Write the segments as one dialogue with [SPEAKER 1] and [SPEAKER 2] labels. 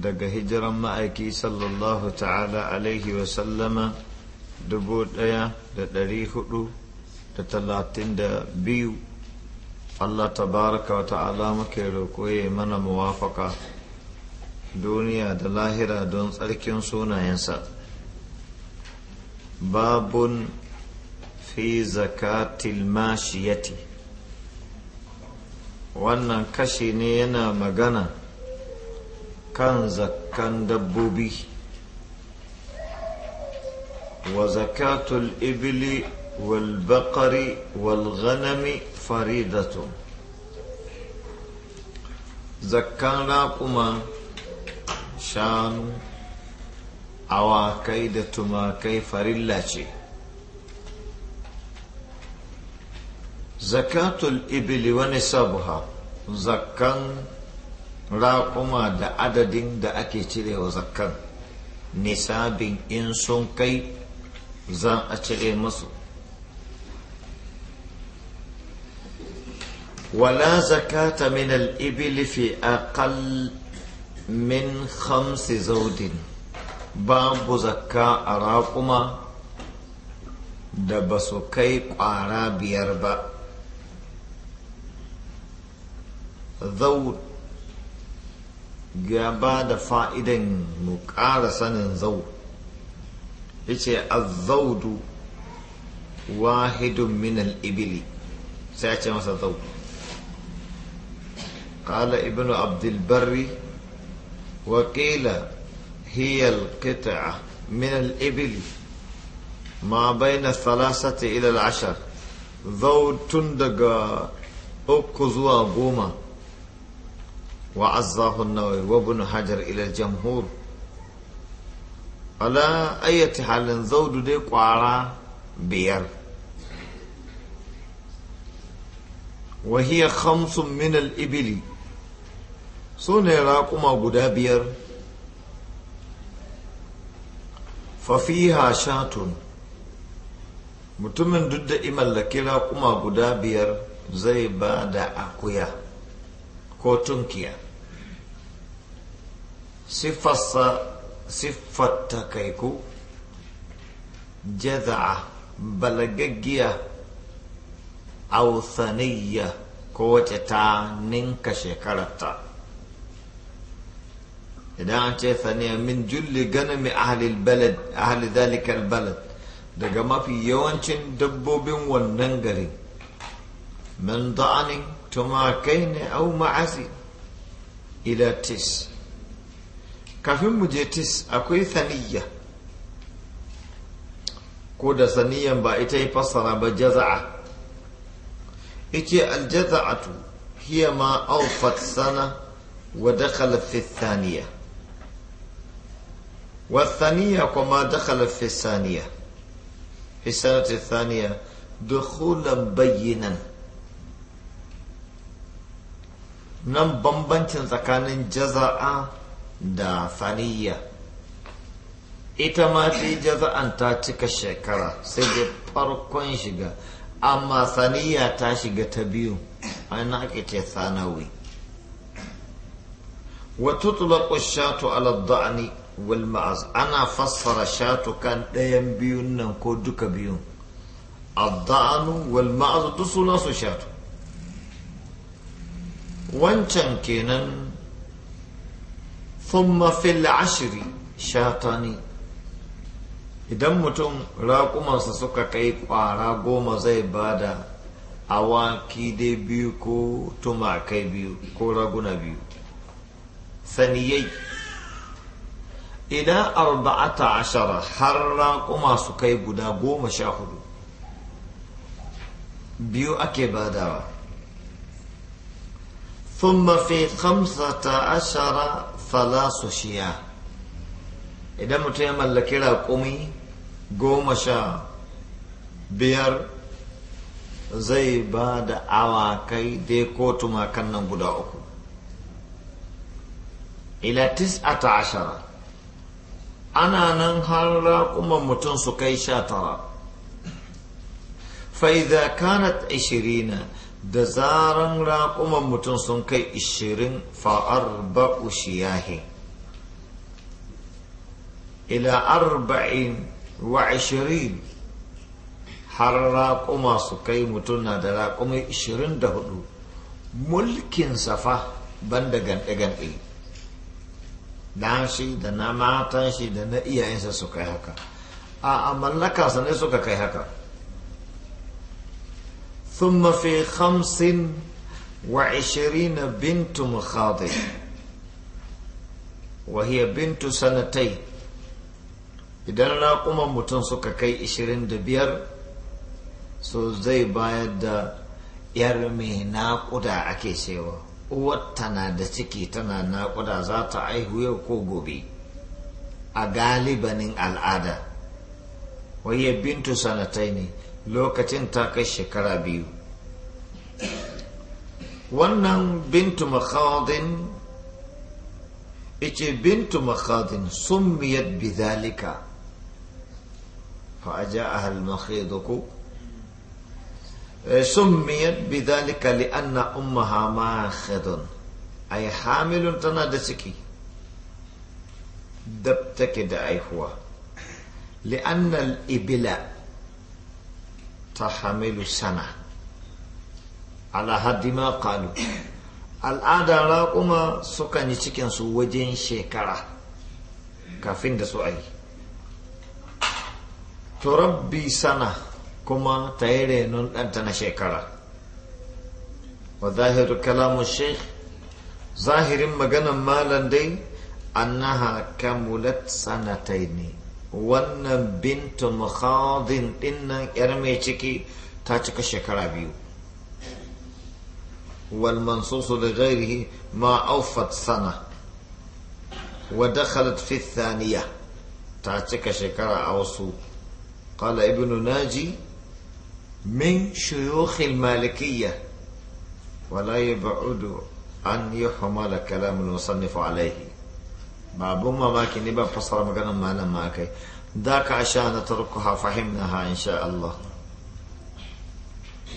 [SPEAKER 1] daga hijiran ma'aiki sallallahu ta'ala alaihi sallama dubu daya da dari hudu da talatin da biyu Allah tabaraka wa ta'ala muke roƙo ya mana muwafaka duniya da lahira don tsarkin sunayensa babun fi zakatil mashiyati wannan kashi ne yana magana كان زكان دبوبي وزكاة الإبل والبقر والغنم فريدة زكان راقما شان أوا كيدة ما كيف رلاتي زكاة الإبل ونسبها زكا raƙuma da adadin da ake cirewa zakkan nisabin in sun kai za a cire masu wala zakata min al-ibil fi aqal min khamsi zaudin babu zakka a raƙuma da ba su kai ƙwara biyar ba zaud ya ba da fa'idan mu ƙara sanin zau ya ce azaudu wahidun minal ibili sai ya ce masa zau ƙala ibn abdulbari wakila hiyal kita minal ibili ma bai na salasata ilal ashar zau tun daga uku zuwa goma وعزاه النووي وابن حجر إلى الجمهور على أي حال زود دي قارا بير وهي خمس من الإبل سنة راقما قدا بير fafiha shatun mutumin duk da imallaki raƙuma guda biyar zai ba da akuya ko tunkiya siffarsa siffarta kaiku jaza'a balagaggiya authaniya ko wace ta ninka shekararta idan an ce saniya min julli ganami ahli balad ahli zalika balad daga mafi yawancin dabbobin wannan garin min da'anin tumakai ne au ma'asi ila tis kafin mu je tis akwai saniya ko da saniyan ba ita yi fassara ba jaza'a ike aljaza'atu hiya ma awfat sana wa dakhala fi thaniya wa thaniya kuma dakhala fi saniya fi sanati thaniya dukhulan bayyinan nan bambancin tsakanin jaza'a da faniya ita ma ta yi ta cika shekara sai da farkon shiga amma saniya ta shiga ta biyu an ake ce sanawi wato tulaƙo shatu aladda'ani wal ma'az ana fassara shatu kan ɗayan biyun nan ko duka biyun adda'anu wal ma'az duk sunan su shatu wancan kenan thumma fil shata shatani idan mutum raƙumansa suka kai ƙwara goma zai bada awaki dai biyu ko tumakai biyu ko raguna biyu saniyai idan arba'ata ashara har raƙuma su kai guda goma sha hudu biyu ake badawa thumma fi khamsata ashara Fala su shiya idan mutum ya mallaki raƙumi goma sha biyar zai ba da awakai dai ko tumakan nan guda uku ila ta ashara ana nan har raƙuman mutum su kai sha tara فإذا kanat عشرين da zaran raƙuman mutum sun kai ishirin fa'ar ba'u shiyahi ila arba'in wa ashirin har raƙuma su kai mutum na da raƙumai ishirin da hudu mulkin safa banda ganɗe-ganɗe na shi da na matan shi da na iyayensa su kai haka a mallaka ne suka kai haka ثم في خمس وعشرين بنت مخاضر وهي بنت سنتين idan raƙuman mutum suka kai 25 so zai bayar da yar mai naƙuda ake cewa uwar tana da ciki tana naƙuda za ta aihu yau ko gobe a galibanin al'ada waye bintu sanatai ne lokacin ta kai shekara biyu wannan bintu makhadin ice bintu makhadin sun miyar bizalika fa'aja a sun miyar li'anna hamilun tana da ciki dab take da aihuwa li'annal ibila تحمل سنة على حد ما قالوا al'ada raƙuma sukan yi cikinsu wajen shekara kafin da su ayi to rabbi sana kuma ta yi renon ɗanta na shekara wa zahiru kalamun sheikh
[SPEAKER 2] zahirin maganan
[SPEAKER 1] malan dai annaha kamulat sanatai ne ون بنت مخاض ان ارمي تشكي تاتك شكرا بيو والمنصوص لغيره ما اوفت سنه ودخلت في الثانيه تاتك شكرا اوصو قال ابن ناجي من شيوخ المالكيه ولا يبعد ان يحمل كلام المصنف عليه babun mamaki ne ba fasara maganar malam ma kai da ka sha na tarkuha fahimnaha insha Allah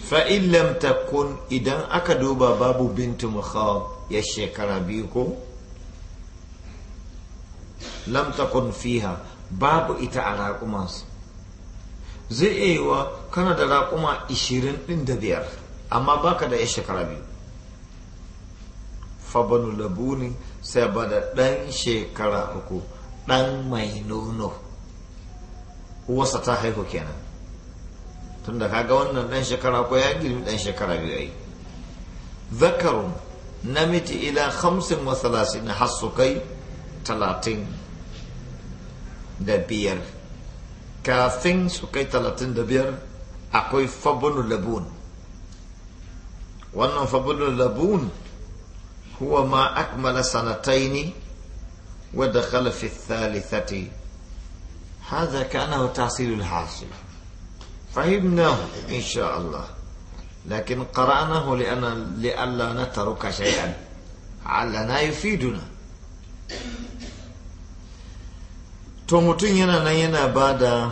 [SPEAKER 1] fa lam takun idan aka duba babu bintu mukhab ya shekara biyu ko lam takun fiha babu ita a raƙumansu zai iya kana da raƙuma 25 amma baka da ya shekara biyu fabanu labuni sai bada ɗan shekara uku ɗan mai nono uwarsa ta haihu kenan tunda kaga wannan ɗan shekara ko ya girmi ɗan shekara biyu ai zakarun namiji ila hamsin wa salasin har su kai talatin da biyar kafin su kai talatin da biyar akwai fabunu labun wannan fabunu labun هو ما أكمل سنتين ودخل في الثالثة هذا كأنه تحصيل الحاصل فهمناه إن شاء الله لكن قرأناه لأن لئلا نترك شيئا علنا يفيدنا to mutum yana nan yana ba da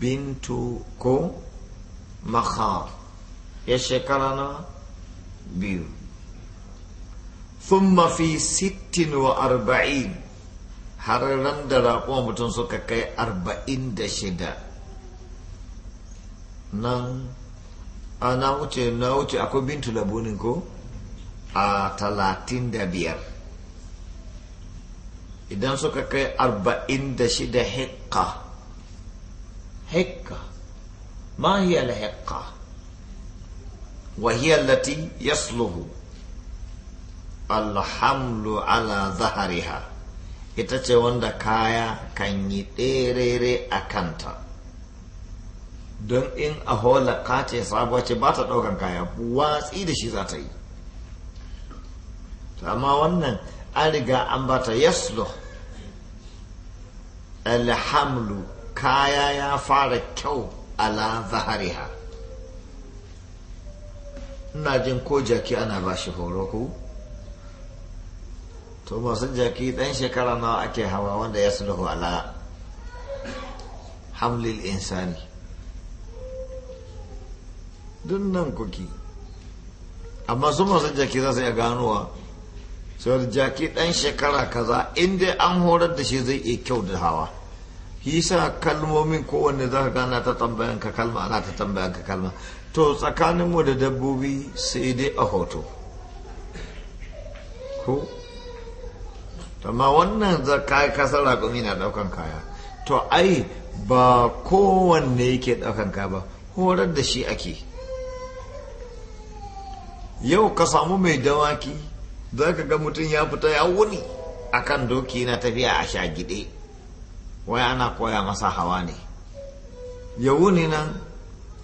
[SPEAKER 1] bintu ko ya shekara na biyu thumma fi sittin wa arba'in har ran da raƙuwa mutum suka kai arba'in da shida nan na wuce na wuce akwai bintu labunin ko a talatin da biyar idan suka kai arba'in da shida hekka hekka ma hiya la hekka wa hiya allati yasluhu alhamlu ala zahariha ita ce wanda kaya kan yi ɗerere a kanta don in a hola kace sabuwa ce ba ta ɗaukan kaya watsi da shi za ta yi amma wannan an riga an ba ta yaslo alhamlu kaya ya fara kyau ala zahariha ina jin ko jaki ana ba shi horo ku to masu jaki dan shekara nawa ake hawa wanda ya sulhu ala hamlil insani dun nan kuki amma su masu jaki za su iya ganowa sau jaki dan shekara kaza inda an horar da shi zai iya kyau da hawa sa kalmomin kowanne za ka gana ta tambayan ka kalma ana ta tambayan ka kalma to tsakaninmu da dabbobi sai dai a hoto ko ma wannan zaka kasar raƙumi na ɗaukan kaya to ai ba kowanne yake ɗaukan kaya ba horar da shi ake yau ka samu mai dawaki za ka ga mutum ya fita ya wuni akan doki na tafiya a shagide wai ana koya masa hawa ne ya wuni nan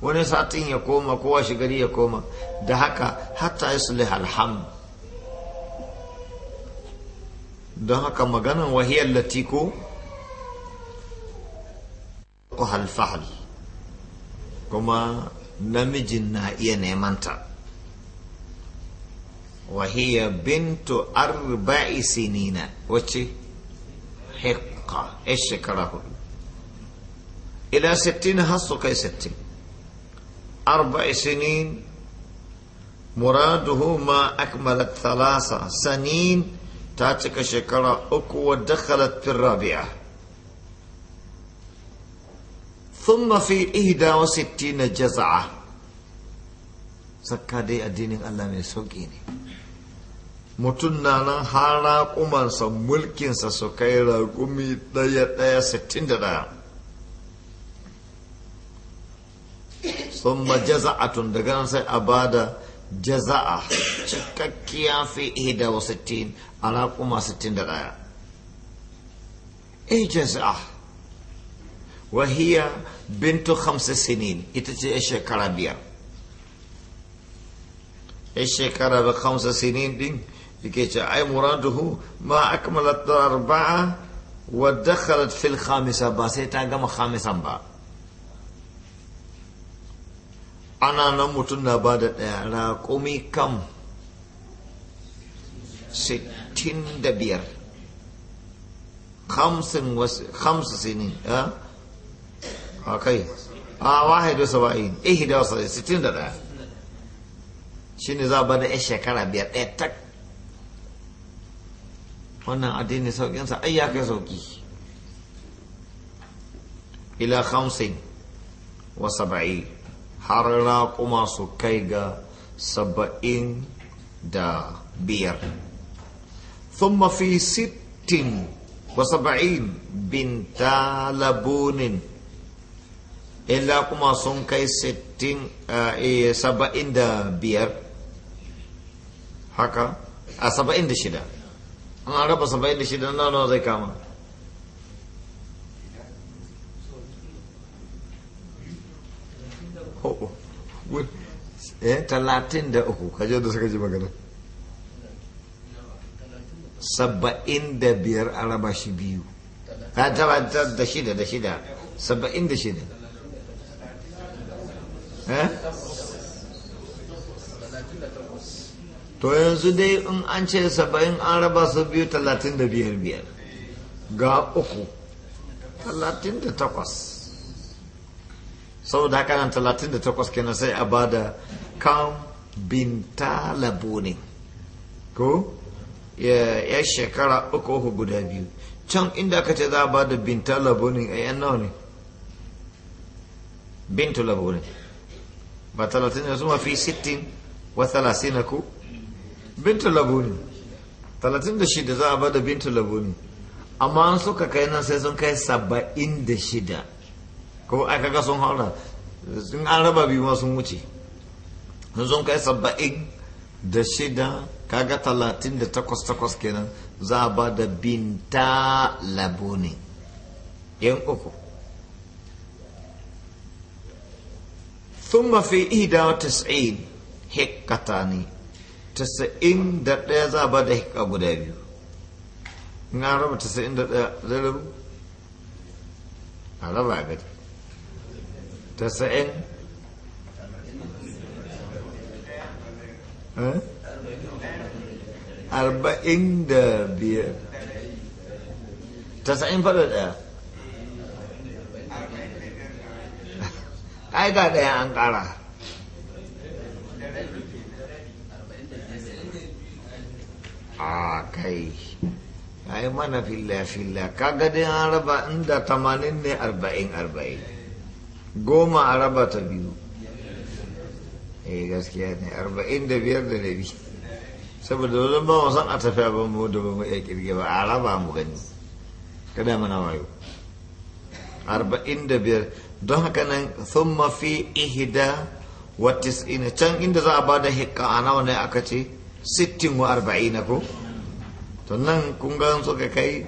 [SPEAKER 1] wani satin ya koma kowa shi gari ya koma da haka hatta yi alhamdu don haka maganan wahiyar latiko fahal kuma namijin na iya nemanta wahiya bintu arba'i sinina wacce hekka ya shekara hudu ila sittin har su kai sittin arba'i sinin muraduhu ma akmalat thalasa sanin ta cika shekara uku wa dakhalat fi rabi'a thumma fi ihda wa sittina jaza'a sakka dai addinin Allah mai sauki ne mutum na nan har kumansa mulkinsa su kai raƙumi ɗaya ɗaya sittin da ɗaya sun tun daga nan sai a bada jaza'a cikakkiya fi ihda wa sittin alaƙuma 61 eh jaza wahiya bintu hamsa sinin ita ce ya shekara biyar ya shekara ba hamsa sinin din yake ce ai muraduhu ma akmalat arba'a wa dakhalat fil khamisa ba sai ta gama khamisan ba ana nan mutum na ba da ɗaya raƙumi kam sittin sittin da biyar hamsin hamsu sinin eh? a kai a wahidu ihi da wasu sittin da ɗaya shi ne za a bada yan shekara biyar ɗaya tak wannan addini sauƙinsa ai ya kai sauƙi ila hamsin wa saba'i har raƙuma su kai ga saba'in da biyar ثم في ست وسبعين بنت لبون إلا كما كي ست سبعين دا بير haka سبعين دا شدا أنا أعرف سبعين دا شدا shida na nawa كاما kama talatin da uku kaje da suka ji magana saba'in da biyar a raba shi biyu ta tabbatar da shida da shida saba'in da shida eh? to yanzu dai in an ce saba'in an raba su biyu talatin da biyar biyar ga uku talatin da takwas saboda haka nan talatin da takwas kenan sai a bada kam bin talabo ne ko ya shekara uku uku guda biyu can inda aka ce za a ba da binta labonin a yan nawa ne bintu labonin ba talatin ne su fi sittin wa talatin ku bintu labonin talatin da shida za a ba da bintu labonin amma an suka kai nan sai sun kai saba'in da shida ko aka ga sun haura sun an raba biyu ma sun wuce sun kai saba'in da shida kaga talatin da takwas takwas kenan za a ba da binta labo ne yan uku thumma fi ihda wa hekata hikkatani tasa'in da ɗaya za a ba da hikka guda biyu in raba tasa'in da ɗaya zai rabu a raba a gari tasa'in eh? arba'in da biyar tasa'in fada daya ai ga daya an kara a kai ai mana filla filla kaga dai goma a raba ta biyu eh gaskiya ne arba'in da biyar da da saboda wajen ba wasan a tafi abin mu da ba mu kirge ba a raba mu gani da mana wayo arba'in da biyar don haka nan sun mafi ihida wa tis'ina can inda za a ba da hikka a nawa ne aka ce sittin wa na ko to nan kun ga suka kai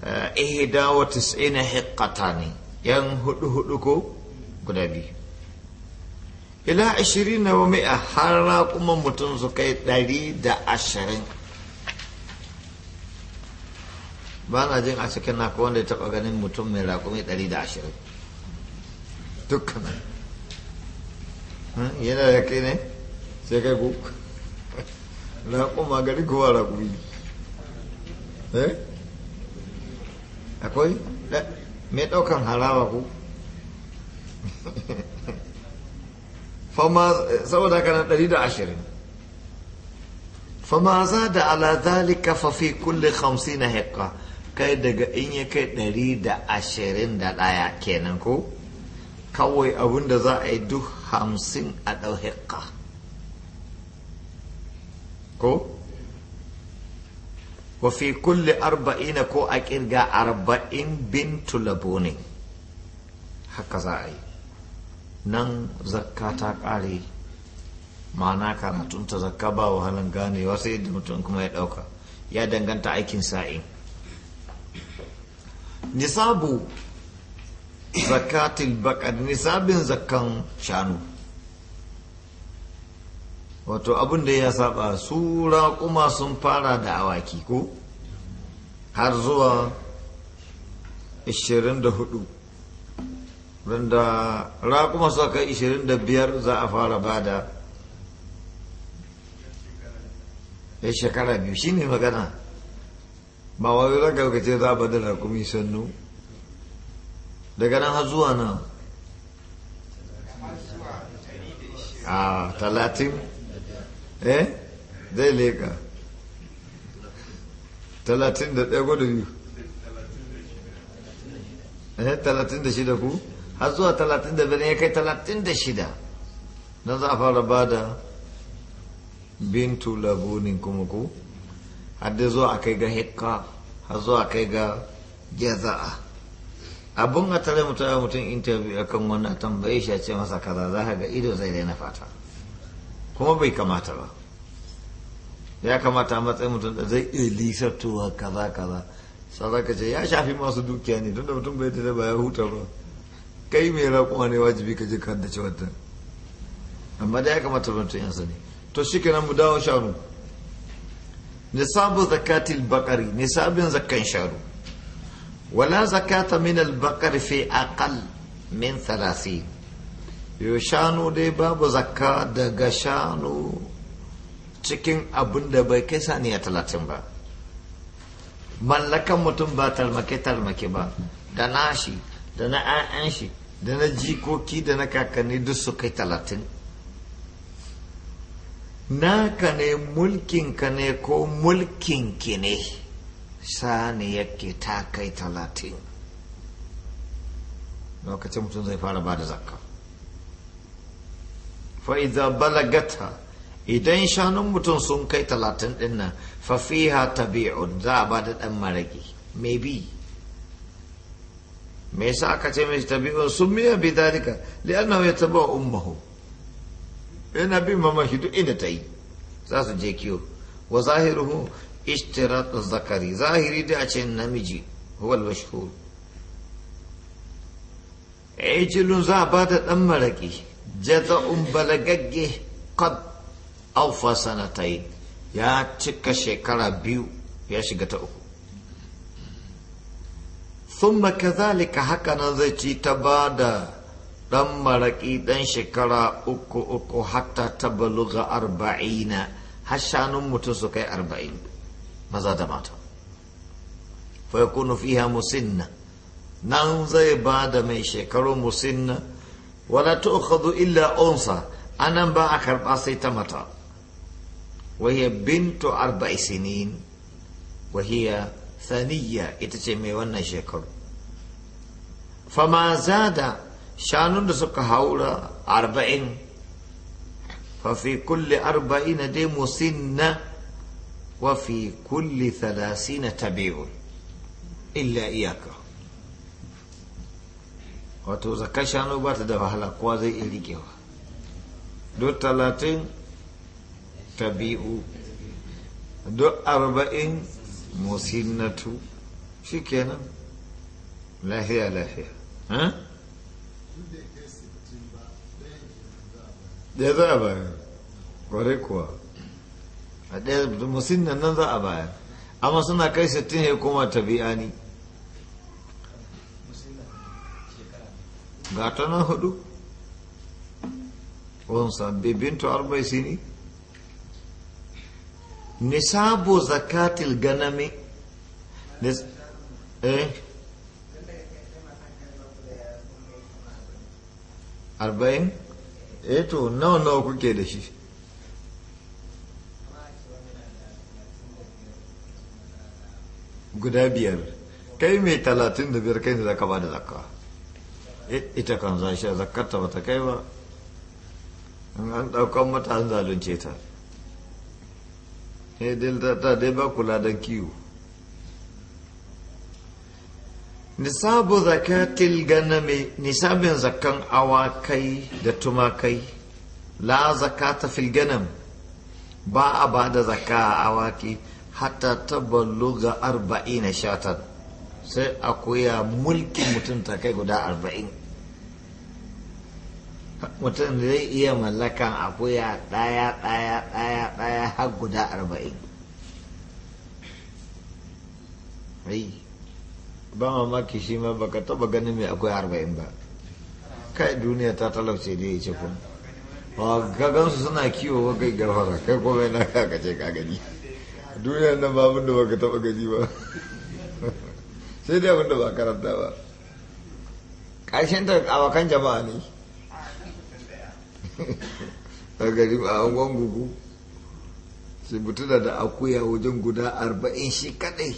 [SPEAKER 1] eh, ihida wa tis'ina hikkata ne yan hudu hudu ko guda biyu ila ashirin na wa a har raƙuman mutum su kai ɗari da ashirin ba na jin a cikin naka wanda ya taɓa ganin mutum mai raƙumi ɗari da ashirin dukkan hm, yana da kai ne sai kai ku raƙuma gari kowa raƙumi eh akwai eh, mai ɗaukan harawa ku fama saboda haka nan fama za da ala zalika fafi kulle kulli na hekka kai daga in ya kai ɗaya kenan ko kawai abin da za a yi duk hamsin a ɗau hekka ko wa fi ko a kirga arba'in bin tulabo ne haka za a yi nan zakka ta ƙare ma'ana karatunta zakka ba wahalan ganewa sai yadda mutum kuma ya ɗauka ya danganta aikin sa'in nisabu zakatil bakar nisabin zakkan shanu wato abin da ya saba su raƙuma sun fara da awaki ko har zuwa 24 don da raƙuma sa kai 25 za a fara bada ya shekara biyu shi ne magana ba wani zaka ka ce za a bada raƙumi sannu daga nan har zuwa nan a talatin eh zai leka talatin da ɗaya gudu biyu eh talatin da shida ku har zuwa talatin da biyar ya kai talatin da shida don za a fara ba da bintu labunin kuma ku har da zuwa kai ga hekka har zuwa kai ga jaza'a abun a tare mutum ya mutum interview akan wannan tambaye shi a ce masa kaza za ka ga ido zai na fata kuma bai kamata ba ya kamata a matsayin mutum da zai iya lisattowa kaza kaza sai ce ya shafi masu dukiya ne tunda mutum bai da ba ya huta ba kai mai raƙuma ne wajibi ka je ka haddace wannan amma da ya kamata mutum ya sani to shi mu dawo shanu nisabu zakatil bakari nisabin zakan shanu wala zakata min al fi aqal min 30 yo shanu dai babu zakka daga shanu cikin abin da bai kai saniya talatin ba mallakan mutum ba talmake-talmake ba da nashi da na 'ya'yan shi da na jikoki da na kakanni duk su kai talatin naka ne mulkinka ne ko mulkinki ne yake ta kai talatin lokacin mutum zai fara ba da zakka fa'iza balagata idan shanun mutum sun kai talatin dinnan fafiha tabi'un za a ba da dan maragi maybe me yasa aka ce mai tabi'un miya bi dalika li'annahu yatabu ummuhu yana bin shi duk inda ta yi za su je kiyo wa zahiruhu ishtirat zakari zahiri da a ce namiji huwal mashhur ijilun za a bata dan maraki jaza'un balagagge qad aw fa sanatayn ya cika shekara biyu ya shiga ta uku sun maka zalika haka nan zai ci ta ba da ɗan maraƙi ɗan shekara uku uku hatta ta baluga arba'ina har shanun mutum arba'in maza da mata fai kunu fiya musinna nan zai ba mai shekaru musinna wala ta ukhadu illa onsa anan ba a karɓa sai ta mata wahiya bintu arba'i sinin wahiya saniya ita ce mai wannan shekaru fama da shanun da suka haura arba'in fi kulle arba'in na dai na wa fi kulle thalathina tabi'un illa iyaka wato zakar shanu ba ta da wahala kowa zai iya rikewa duk talatin tabi'u duk arba'in musinnatu shikenan lafiya lafiya ɗaya za a bayan kwarai kuwa a ɗaya musin nan nan za a bayan amma suna kai sittin ya koma tabi'a ni ga ta nan hudu wansa arba arba'i sini nisabu zakatil ganami eh arba'in eh to nawa nawa kuke da shi guda biyar kai mai talatin da biyar kai ne zaka ba da zakka eh, ita kan zashi a zakkarta ba ta kai ba an ɗaukan mata an zalunce ta ne eh, dai ta dai ba kula don kiwo nisabu zakatil ganami nisabin zakan awakai da tumakai la zakata fil ganam ba a ba da zaka a awaki hatta ga arba'i na shatan sai akuya mulkin mutum ta kai guda arba'in mutum zai iya mallakan akuya ɗaya ɗaya ɗaya ɗaya har guda arba'in ba mamaki shi ma baka taba ganin mai akwai arba'in ba kai duniya ta talauce da ya ce kun ka gansu suna kiwo wa kai garfara kai kuma na kakace ka gani duniya nan ba abinda baka taba gani ba sai dai abinda ba karanta ba ƙarshen ta awakan jama'a ne a gari a angon gugu sai mutu da akuya wajen guda arba'in shi kadai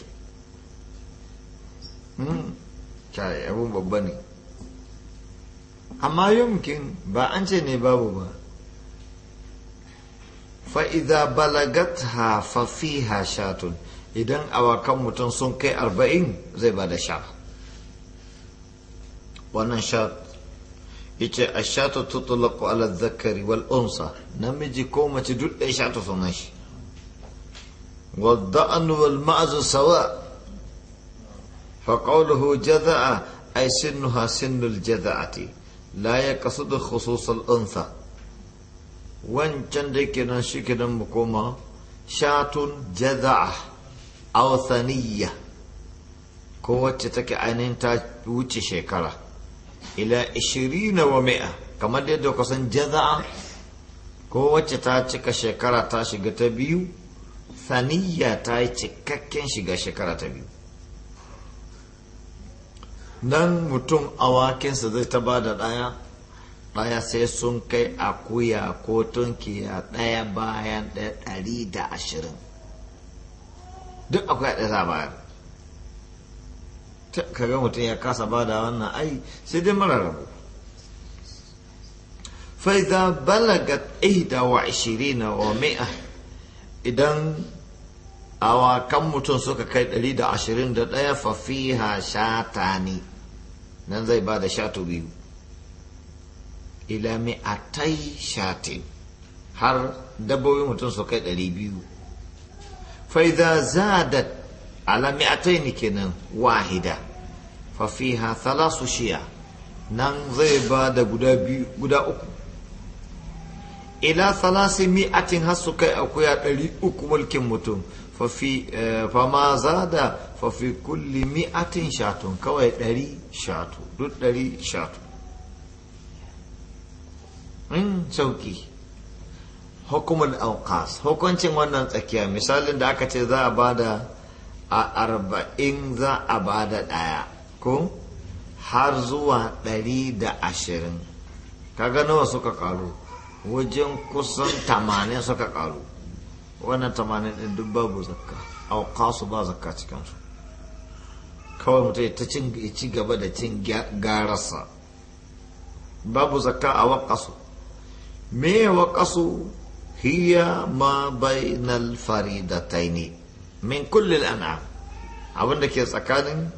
[SPEAKER 1] kai hmm. abun babba ne amma yumkin ba an ce ne babu ba fa'iza balagat ha fafi ha shatun idan awakan mutum sun kai arba'in zai ba da sha wannan shat yace ashatu tutlaqu ala zakari wal unsa namiji ko mace duk da shatu sunan shi wadda an wal sawa فقوله جذع أي سنها سن الجذعة لا يقصد خصوص الأنثى wancan da ke nan shi kenan mu koma shatun jaza'a awthaniya ko wacce take ainihin ta wuce shekara ila ishirina wa mi'a kamar dai yadda kusan jaza'a ko wacce ta cika shekara ta shiga ta biyu saniya ta yi cikakken shiga shekara ta biyu nan mutum awakinsa zai ta bada ɗaya ɗaya sai sun kai akuya ko tunkiya ɗaya bayan ɗaya ɗari da ashirin duk akwai ɗaya za bayar kaga mutum ya kasa bada wannan ai sai dai mara rabu wa wa إحدى وعشرين ومئة idan. awakan mutum suka kai 121 fafiha shatani nan zai ba da shatu biyu ila mi'a-tai shatin har dabbobi mutum su kai 200 faiza zadat a mi'atai ne kenan wahida fafiha thalasu shiya nan zai ba da guda biyu guda uku ila salasi mi'atin har su kai akuya 300 mulkin mutum fafi za da fafi kulli mi'atin shatun kawai ɗari shatu duk ɗari shatu in sauki hukumar alkas hukuncin wannan tsakiya misalin da aka ce za a da, a arba'in za a da ɗaya ko har zuwa ɗari da ashirin kaga nawa suka karu wajen kusan tamanin suka karu wannan tamanin din duk babu zakka auqasu ba zakka cikin su kawai mutum ta ci gaba da cin garasa babu zakka a waƙasu me waƙasu hiya ma bainal faridataini min kullil an'am abin da ke tsakanin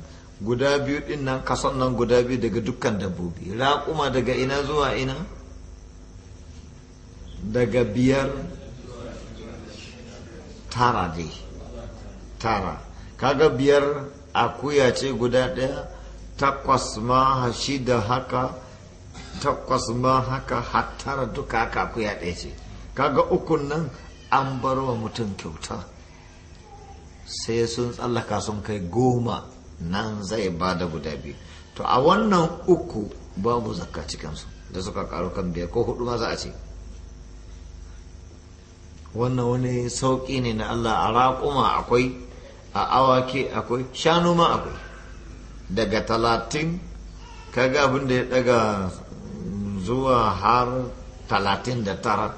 [SPEAKER 1] guda biyu din nan kason nan guda biyu daga dukkan dabbobi raƙuma daga ina zuwa ina daga biyar tara dai tara kaga biyar akuya ce guda ɗaya takwas ma da haka takwas ma haka hattara duka haka akuya ɗaya ce kaga ukun nan an bar wa mutum kyauta sai sun tsallaka sun kai goma nan zai ba guda biyu to a wannan uku babu zakka cikinsu da suka karu kan biyar ko hudu ma za a ce wannan wani sauƙi ne na Allah a raƙuma akwai a awaki akwai shanu ma akwai daga talatin kaga abin da ya daga zuwa har talatin da tara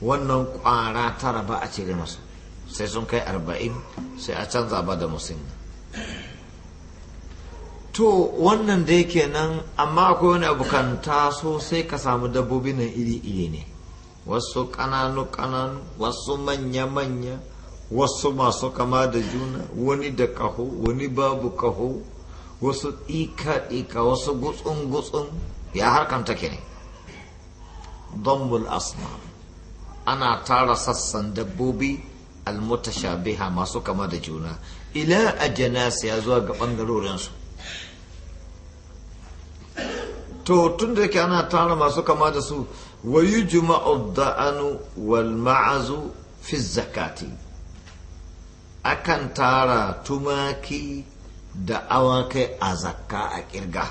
[SPEAKER 1] wannan ƙwara tara ba a cire masu sai sun kai arba'in sai a canza ba da musulmi to wannan da yake nan amma akwai wani abu kan taso sai ka samu dabbobi nan iri-iri ne wasu ƙananu-ƙananu wasu manya-manya wasu masu kama da juna wani da kaho wani babu kaho wasu ɗika ika wasu gutsun-gutsun ya harkan take ne dombul asma ana tara sassan dabbobi almutashabiha masu kama da juna ila a ya zuwa ga ɓangarorinsu to tun da ke ana tara masu kama da su ويجمع الضأن والمعز في الزكاة أكن تارا تماكي دعواك أزكاء إرقا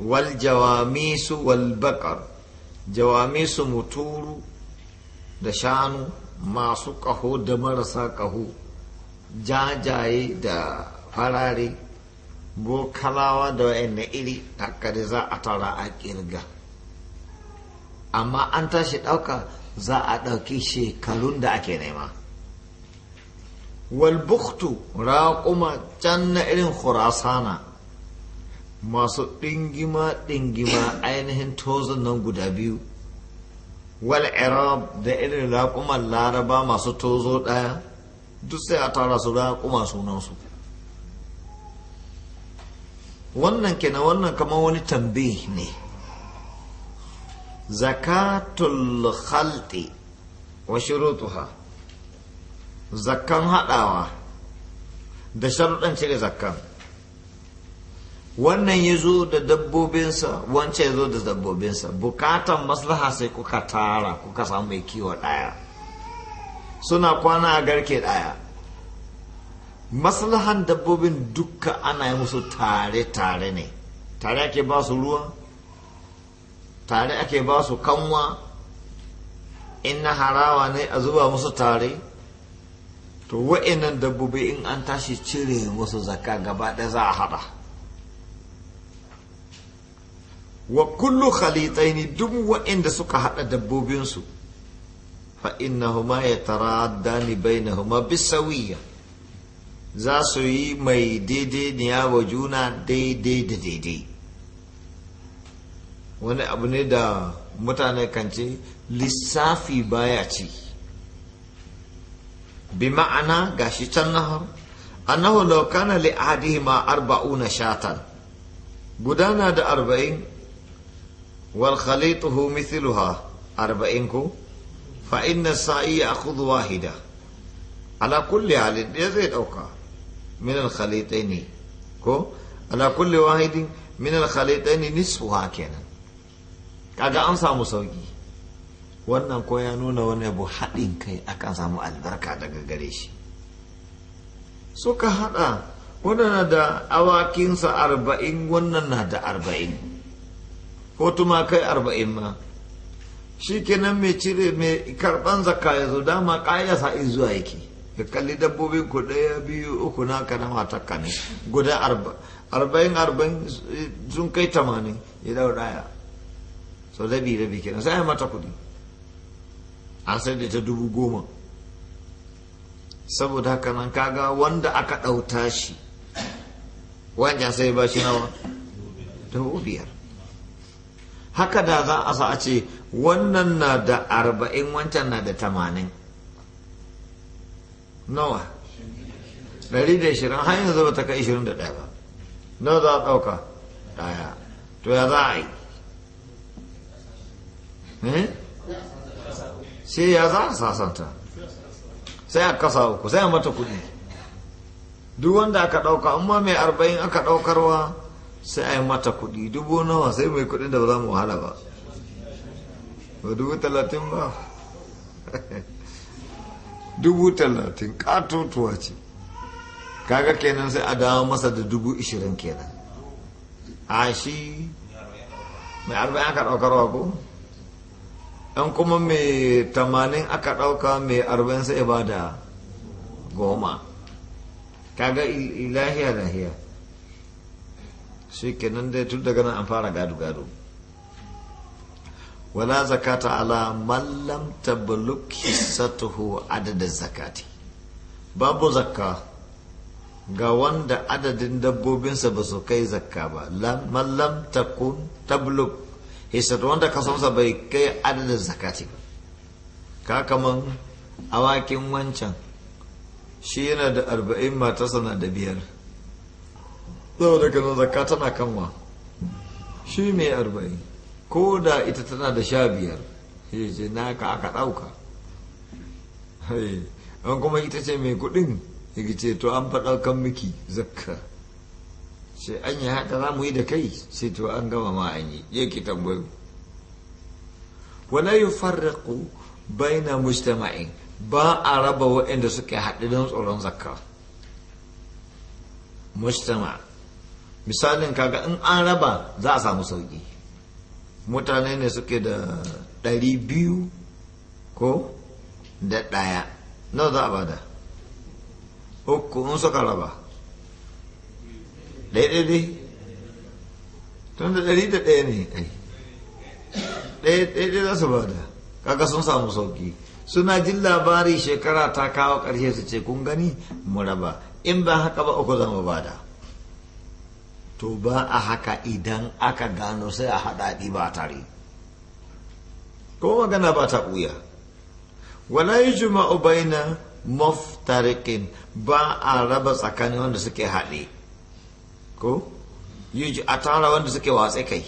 [SPEAKER 1] والجواميس والبقر جواميس مطور دشان ما سقه جا جاي دا فراري بو da دو iri a za a tara amma an tashi ɗauka za a ɗauki shekarun da ake nema walbuktu raƙuma can na irin khurasana masu ɗingima-ɗingima ainihin tozon nan guda biyu wal irab da irin raƙuman laraba masu tozo ɗaya duk sai a tara su raƙuma sunansu wannan kenan wannan kamar wani tambayi ne zakatul khalti wa shurutuha zakkan haɗawa da sharuɗan cire zakkan wannan ya zo da dabbobinsa wancan ya zo da dabbobinsa bukatan maslaha sai kuka tara kuka samu mai kiwo ɗaya suna kwana a garke ɗaya maslahan dabbobin duka ana yi musu tare-tare ne tare ake ba su ruwa tare ake ba su kanwa in na harawa ne a zuba musu tare to wa'inan dabbobi in an tashi cire musu zakka gaba ɗaya za a haɗa wa kullu khalitaini duk wa'inda suka haɗa dabbobinsu fa innahuma yataraddani huma bisawiyya za su yi mai daidai ne wa juna daidai da daidai wani abu ne da mutane kan ce lissafi baya ci bi ma'ana ga shi can nahar annahu law kana li ahadihima arba'una shatan gudana da arba'in wal khalituhu mithluha arba'in ku fa inna sa'i ya'khudhu wahida ala kulli halin ɗaya zai ɗauka min al khalitaini ko ala kulli wahidin min al khalitaini nisfuha kenan kaga an samu sauki wannan ko ya nuna wani abu haɗin kai akan samu albarka daga gare shi suka haɗa wannan na da awakinsa arba'in wannan na da arba'in ko tuma kai arba'in ma shi kenan mai cire mai karɓan zaka ya zo dama ƙayasa in zuwa yake Ya kalli dabbobin ku ɗaya biyu uku na, na mata ne guda arba'in arba'in eh, sun kai tamanin ya daura ɗaya sau rabi rabi kenan sai ya mata kuɗi an sai da ta dubu goma saboda haka nan kaga wanda aka ɗauta shi wanda sai ba shi nawa dubu biyar haka da za a sa a ce wannan na da arba'in wancan na da tamanin nawa ɗari da ishirin hanyar zaba ta kai ishirin da ɗaya ba nawa za a ɗauka ɗaya to ya za a yi sai ya za a sasanta sai a kasa uku sai a mata kuɗi duk wanda aka ɗauka amma mai arba'in aka daukarwa sai a yi mata kuɗi dubu nawa sai mai kuɗin da ba za mu wahala ba ba dubu talatin ba dubu talatin katotuwa ce kaga kenan sai a dawo masa da dubu ishirin kenan a shi mai arba'in aka daukarwa ko an kuma mai tamanin aka ɗauka mai arba'in ibada goma kaga ilahiya lahiya shi kenan dai tun daga nan an fara gado-gado wala zakata ala mallam tabaluk satuhu adadin zakati babu zakka ga wanda adadin dabbobinsa ba su kai zakka ba mallam takun tabluk hisa wanda kasonsa bai kai adadin zakati ba ka kaman awakin wancan shi yana da arba'in matarsa na da biyar saboda kanan zakka tana kanwa shi mai arba'in ko da ita tana da sha biyar shi ce na ka aka ɗauka an kuma ita ce mai kuɗin ya ce to an faɗa kan miki zakka sai an yi haka za mu yi da kai sai to an gama ma an yi yake tambayo wala bai na mustama'in ba a raba waɗanda suke haɗu don tsoron zakka mustama misalin kaga in an raba za a samu sauki mutane ne suke da ɗari biyu ko da ɗaya nawa za a bada uku in suka raba ɗaya dai tun da ɗari da ɗaya ne ai ɗaya ɗaya za su bada kaga sun samu sauki suna jin labari shekara ta kawo ƙarshe su ce kun gani mu raba in ba haka ba uku zama to ba a haka idan aka gano sai a haɗaɗi ba tare ko magana ba ta ɓuya wala yi juma'u baina maftarikin ba a raba tsakanin wanda suke haɗe ko yuji a tara wanda suke watsa kai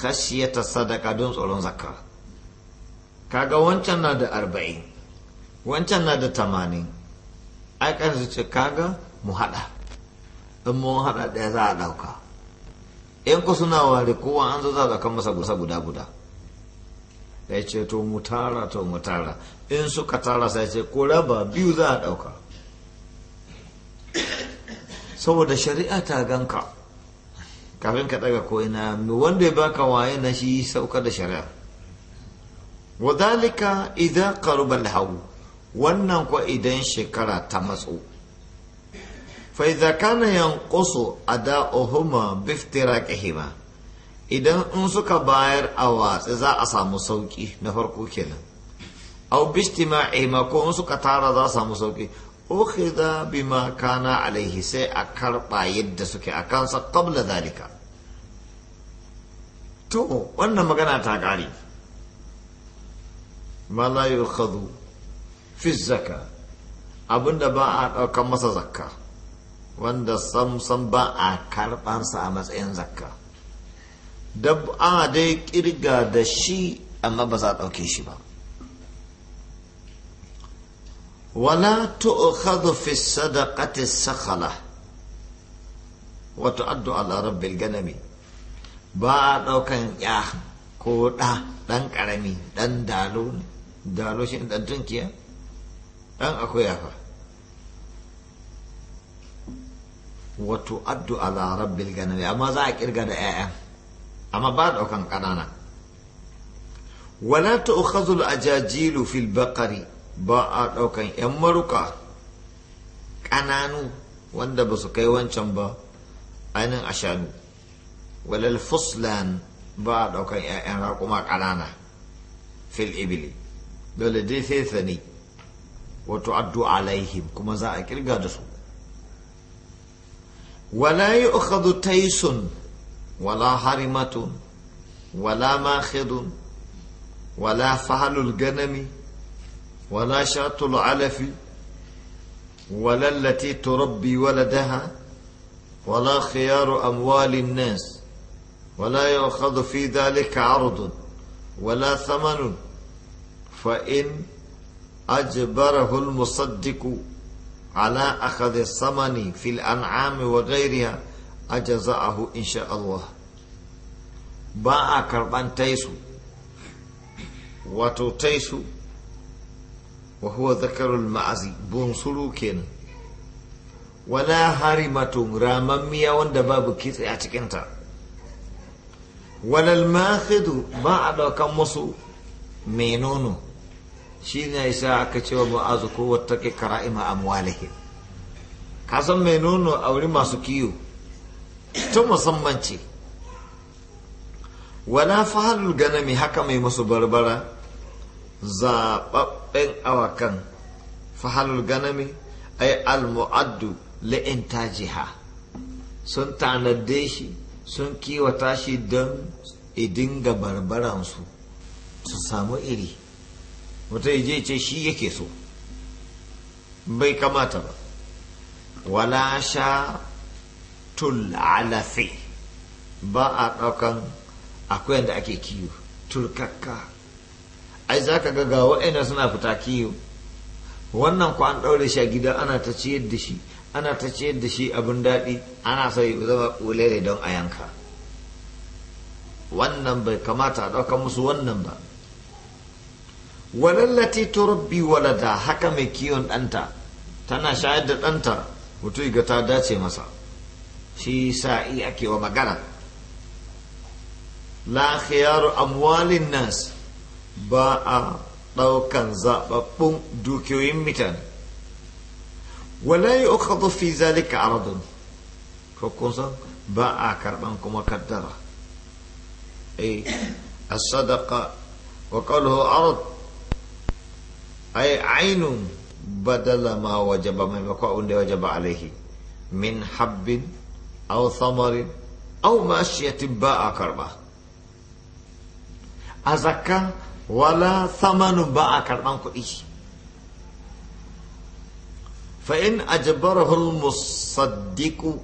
[SPEAKER 1] khashiyata sadaka don tsoron zakka kaga wancan na da arba'in wancan na da tamanin ai su ce kaga mu hada in mun hada ɗaya za a dauka in ku suna ware kowa an zo za a kan masa gusa guda guda ya ce to mu tara to mu tara in suka tara sai ce ko raba biyu za a dauka saboda shari'a ta ganka kafin ka daga ko ina wanda ya baka waye na shi sauka da shari'a wadalika idza qaruba al wannan ko idan shekara ta matso fa idza kana yanqusu ada'uhuma bi iftiraqihima idan in suka bayar a watsi za a samu sauki na farko kenan au bi ko in suka tara za a samu sauki ukhidha bima kana alaihi sai a karɓa yadda suke a kansa qabla zalika to wannan magana ta ƙare ma la yukhadhu fi zaka abinda ba a ɗaukar masa zakka wanda samsam ba a karɓansa a matsayin zakka dab dai ƙirga da shi amma ba za a ɗauke shi ba ولا تؤخذ في الصدقة السخلة وتعد على رب الجنم بعد أو كان يا كودا دان كرمي دان دالو دالو شين دان تنكيا دان أكو يافا وتعد على رب الجنم أما ذاك إرجع أما بعد أو كان كنانا ولا تؤخذ الأجاجيل في البقر ba a ɗaukan 'yan maruka ƙananu wanda ba su kai wancan ba ainihin a shanu walal fuslan ba a ɗaukan 'ya'yan raƙuma ƙanana fil ibili dole dai sai sani wato addu alaihim kuma za a kirga da su wala yi ukhadu taisun wala harimatun wala makhidun wala fahalul ganami ولا شاة العلف ولا التي تربي ولدها ولا خيار أموال الناس ولا يؤخذ في ذلك عرض ولا ثمن فإن أجبره المصدق على أخذ الثمن في الأنعام وغيرها أجزأه إن شاء الله باع كربان تيسو وتو تيسو wa huwa zakarul ma'azi bunsuru kenan wala harimatun ramammiya wanda babu kitse a cikinta walal mahidu ba a ɗaukan musu mai nono shi ne isa aka cewa mu'azu ko wata ke kara'ima amwalihim kasan mai nono a wuri masu kiwo? ta musamman ce wala fahalul ganami haka mai musu barbara zaɓaɓɓen awakan fahalul ganami ai al-mu'addu jiha sun tanadde shi sun kiwata shi don idin ga barbaransu su samu iri mutum je ce shi yake so bai kamata ba wala sha tul alafi ba a ɗaukan akwai yadda ake kiwo turkakka ai za ka ga wa'ina suna fita kiyo wannan ku an ɗaure shi a gida ana ta ciyar da shi ana ta ciyar da shi abin daɗi ana so zama ƙulere don a yanka wannan bai kamata a ɗauka musu wannan ba walallati turabbi walada haka mai kiyon ɗanta tana shayar da ɗanta hutu ga ta dace masa shi sa'i ake wa magana la khiyaru amwalin nasu. ba a ɗaukan zaɓaɓɓun dukiyoyin mutane wala yi ukhadhu fi zalika aradun to kun san ba a karɓan kuma kaddara eh as-sadaqa wa qawluhu arad ay aynun badala ma wajaba maimakon wanda wajaba alaihi min habbin aw thamarin aw mashiyatin ba a karɓa a zakka wala samanin ba a karɓan kuɗi fa'in ajibarahul musaddiku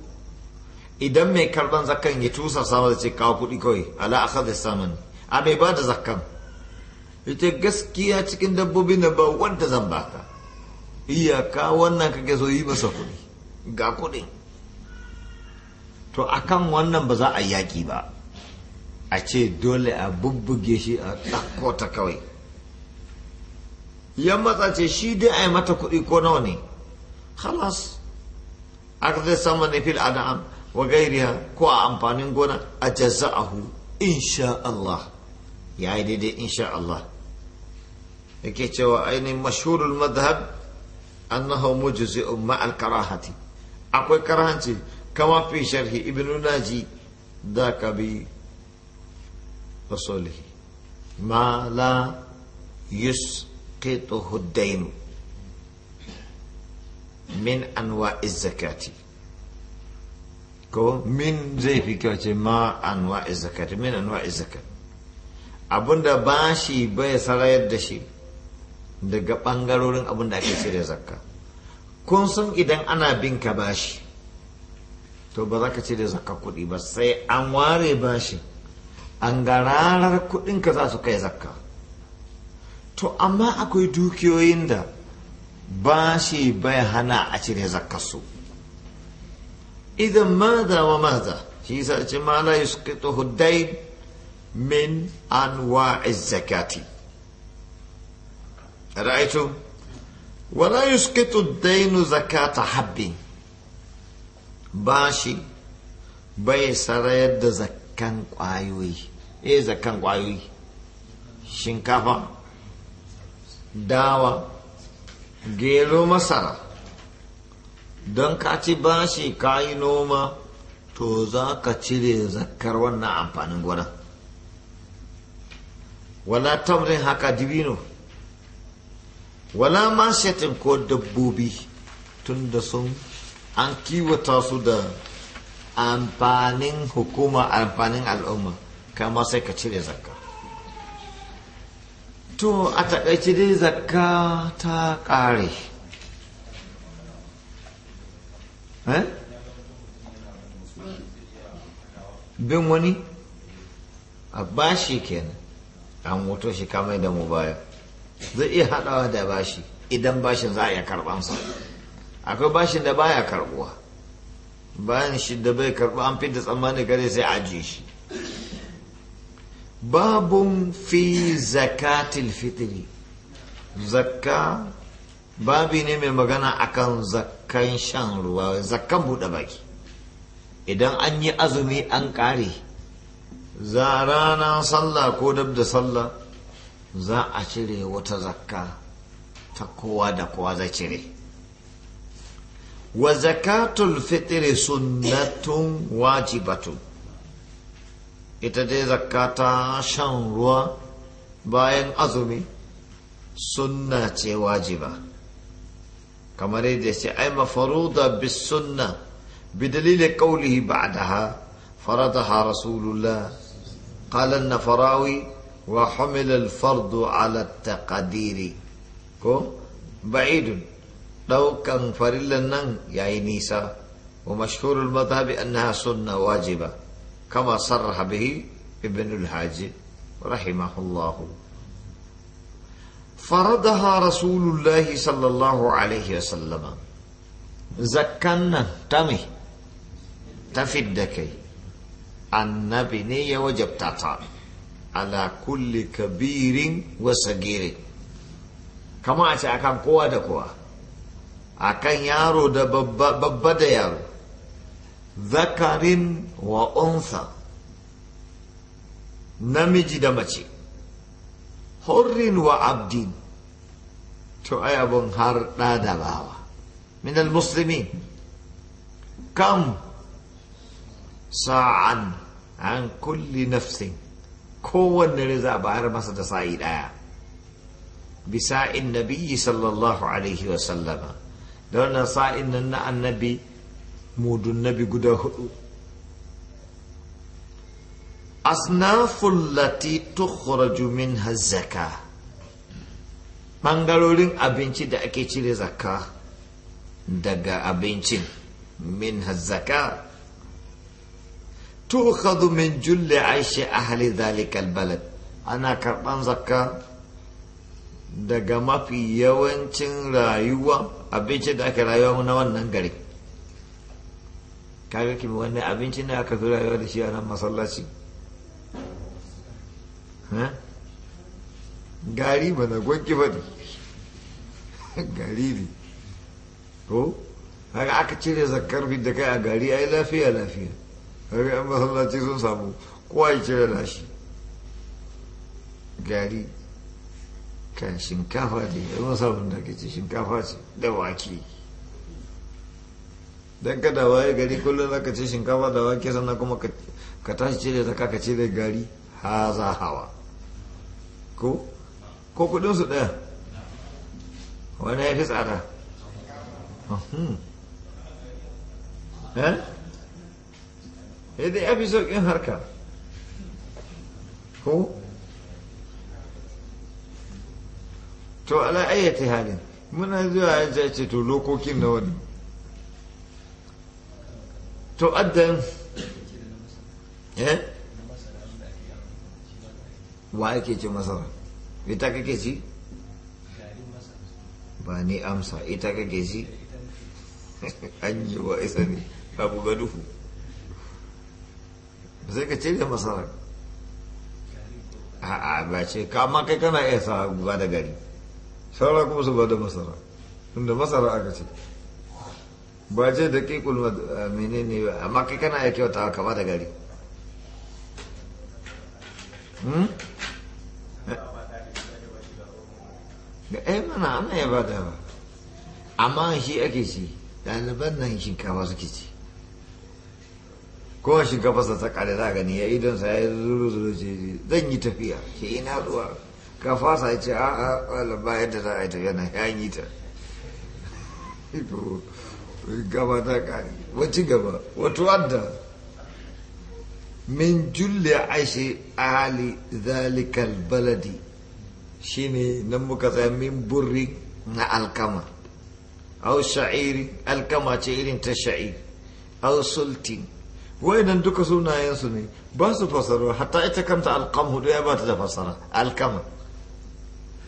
[SPEAKER 1] idan mai karɓan zakan ya tusa sama da ce kawo kuɗi kawai ala a da samun a mai ba da zakan ita gaskiya cikin dabbobi na ba wanda zan baka iyaka wannan kake so yi masa kuɗi ga kuɗi to akan wannan ba za a yaƙi ba a ce dole a bubbuge shi a ɗakko ta kawai yan ce shi dai a yi mata kuɗi ko nawa ne halas arzai sama ne fil adam wa gairiya ko a amfanin gona a jazza'ahu insha Allah ya yi daidai insha Allah yake cewa ainihin mashhurul madhab annahu mujzi'un ma'al karahati akwai karahanci kama fi sharhi ibnu naji da رسوله ما لا يسقطه الدين من أنواع الزكاة ko min zai fi kyau ce ma anwa zakat min anwa zakat abinda ba shi bai da shi daga bangarorin abunda ake cire zakka kun san idan ana bin ka bashi to ba za ka cire zakka kuɗi ba sai an ware bashi an ga ranar kuɗinka za su kai zakka to amma akwai dukiyoyin da ba shi bai hana a cire zakkarsu idan maza wa maza shi sa ce ma la yusqitu hudain min wa zakati ra'aytu wa la yusqitu dainu zakata habbi ba shi bai sarayar da zakkan ƙwayoyi. E, zakan kwayoyi shinkafa dawa gero masara don ka ci bashi ka yi noma to za ka cire zakkar wannan amfanin gona wala tamrin haka dibino wala mashatin ko dabbobi tun da sun an kiwata su da amfanin hukuma amfanin al'umma kama sai ka cire zakka to a takaici dai zakka ta ƙare eh? bin wani a bashi kenan an wuto shi kamar da mu baya zai iya haɗawa da bashi idan bashin za a iya karɓansa akwai bashin da baya karɓuwa bayan shi da bai karɓa an fi da tsammanin gare sai a ji shi babun fi zakatil fitri babu ne mai magana akan zakkan shan ruwa zakkan buɗe baki idan an yi azumi an ƙare za ranar sallah ko dabda sallah za a cire wata zakka ta kowa da kowa za cire wa zakatul tun sunnatun wajibatun ita dai zakka ta shan ruwa bayan azumi sunna ce wajiba kamar yadda ce ai mafaruda bis sunna bi dalilin kaulihi ba'daha faradaha rasulullah qala an-nafarawi wa humila fardu ala ko ba'idun daukan farillan nan yayi nisa wa mashhurul madhhabi annaha sunna wajiba كما صرح به ابن الحاج رحمه الله فرضها رسول الله صلى الله عليه وسلم زكنا تمي تفدكي النبي نية وجبتاتا على كل كبير وصغير كما أتي أكام قوة دكوة أكام يارو دببا ديارو ذكر وأنثى نمجي دمجي حر وعبد تؤيا بن هر من المسلمين كم ساعا عن كل نفس كو نرزا بار مسد سايدا بساء النبي صلى الله عليه وسلم دون ساء النبي mudun nabi guda hudu asnaful lati tukhraju minha zakka bangarorin abinci da ake cire zakka daga abincin min zakka tukhadhu min julli aishi ahli dhalika albalad ana karɓan zakka daga mafi yawancin rayuwa abinci da aka rayuwa na wannan garin kaga ki wani abinci ne aka zura yau da shi a nan masallaci gari ba na gwanki ba gari ne ko haka aka cire zakar da kai a gari ai lafiya lafiya haka yan masallaci sun samu kowa ya cire shi gari kan shinkafa ne yan masallacin da ke ce shinkafa ce da wake don da waye gari kullum zaka ce shinkafa da wake sannan kuma ka tashi da zaka ka da gari ha za hawa ko ko kudin su daya wani ya fi tsada eh dai ya fi sauƙin harka ko to ala ayyata halin muna zuwa ya ce to lokokin na wani to addan eh wa yake ce masara ita kake ci ba ni amsa ita kake ci an yi wa isa ne abu ga duhu sai ka ce da masara a'a ba ce kama kai kana iya sa guga da gari saura kuma su ba da masara tunda masara aka ce ba ce da ke eh, mene ne ba amma kai kana ya kyauta kama da gari ga hmm? ɗaya eh, eh, mana ana ya da ba amma shi ake ci ɗaliban nan shinkafa suke ci kuma shinkafa sa ta kare za gani ya idon sa ya zuru zuru ce zan yi tafiya yi ina zuwa ka fasa ya ce a ɗaliba yadda za a yi tafiya na ya yi ta gaba ta kare wace gaba wato wadda min julle aishi ahali zalikal baladi shine nan muka tsaya min burri na alkama au sha'iri alkama ce irin ta sha'iri au sultin nan duka sunayensu ne ba su fasarwa hatta ita kanta alkamu ya ba ta da fasara alkama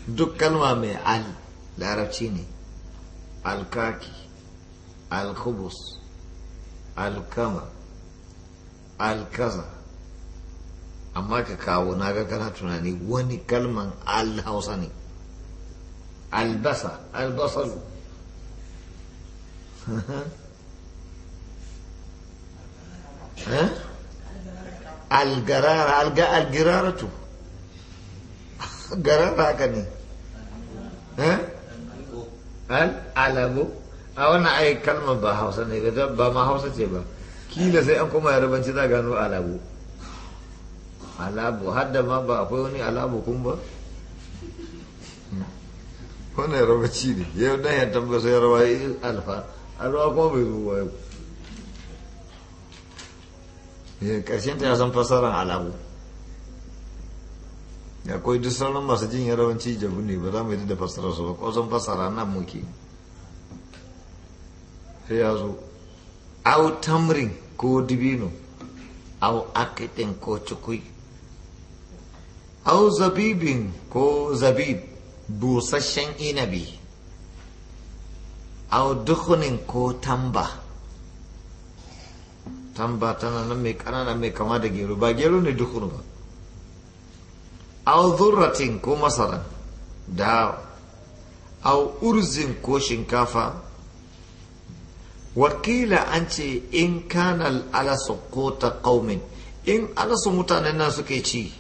[SPEAKER 1] duk kalma mai al larabci ne alkaki alkubus alkama alkaza amma ka kawo na ga kana tunani wani kalman al ne albasa albasalu algarara alga algiraratu garara haka ne al a wannan ai kalmar ba hausa ne ba ma hausa ce ba kila sai an kuma yarabanci za gano alabu alabu hadda ma ba akwai wani alabu kun ba wannan yarabanci ne yau dan ya sai yarawa alfa alfa kuma bai ba yau karshen eh, ta ya san fasaran ya akwai duk sauran masu jin yarabanci jabu ne ba za mu yi da fasarar su ba ko sun fasara nan muke sai ya zo au tamrin ko dibino au akitin ko cikui au zabibin ko zabib busasshen inabi au dukunin ko tamba tamba tana nan mai kanana mai kama da gero ba gero ne dukunu ba au zurratin ko masara da au urzin ko shinkafa wakila an ce in kana alasu ko ta kaumin in alasu mutanen nan suke ci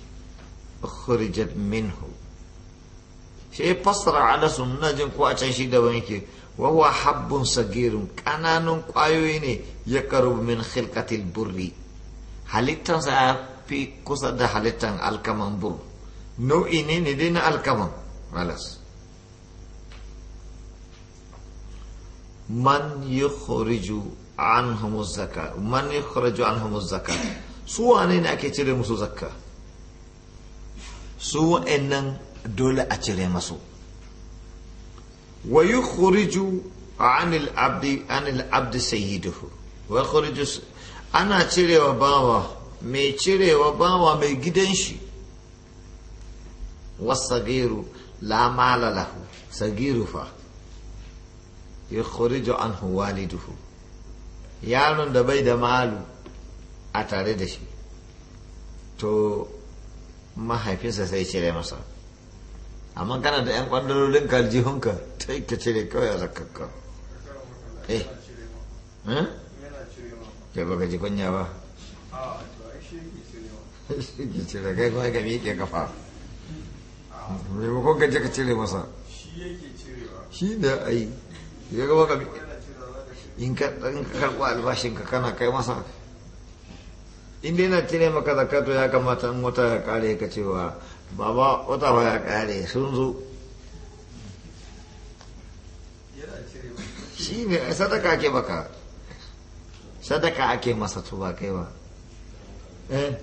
[SPEAKER 1] khurijat minhu shi fasara alasu na jin ko can shi da yake wawa habbun sagirin ƙananun ƙwayoyi ne ya karu min khilkatil burri halittansa ya fi kusa da halittan alkaman bur nau'i ne ne dai na alkaman man yukhriju anhum zakka man yukhriju anhum zakka su wane ne ake cire musu zakka su wa'annan dole a cire masu wa yukhriju anil abdi anil abdi sayyiduhu wa yukhriju ana cirewa bawa mai cirewa bawa mai gidan shi wasagiru la mala lahu sagiru fa ya khurijo an waliduhu yaron da bai da malu a tare da shi to mahaifinsa sai cire masa amma kana da 'yan kwandalolin kaljihunka ta yi ka cire kawai a zakakka eh ke baka ji kunya ba shi ke cire kai kuma ka miƙe kafa mai bakon ka je ka cire masa shi yake cirewa shi da ai ya gaba ka in ka albashin ka kana kai masa in dai na cire maka zakato ya kamata in wata ya kare ka cewa baba wata ba ya kare sun zo shi ne sadaka ake baka sadaka ake masa to ba kai ba eh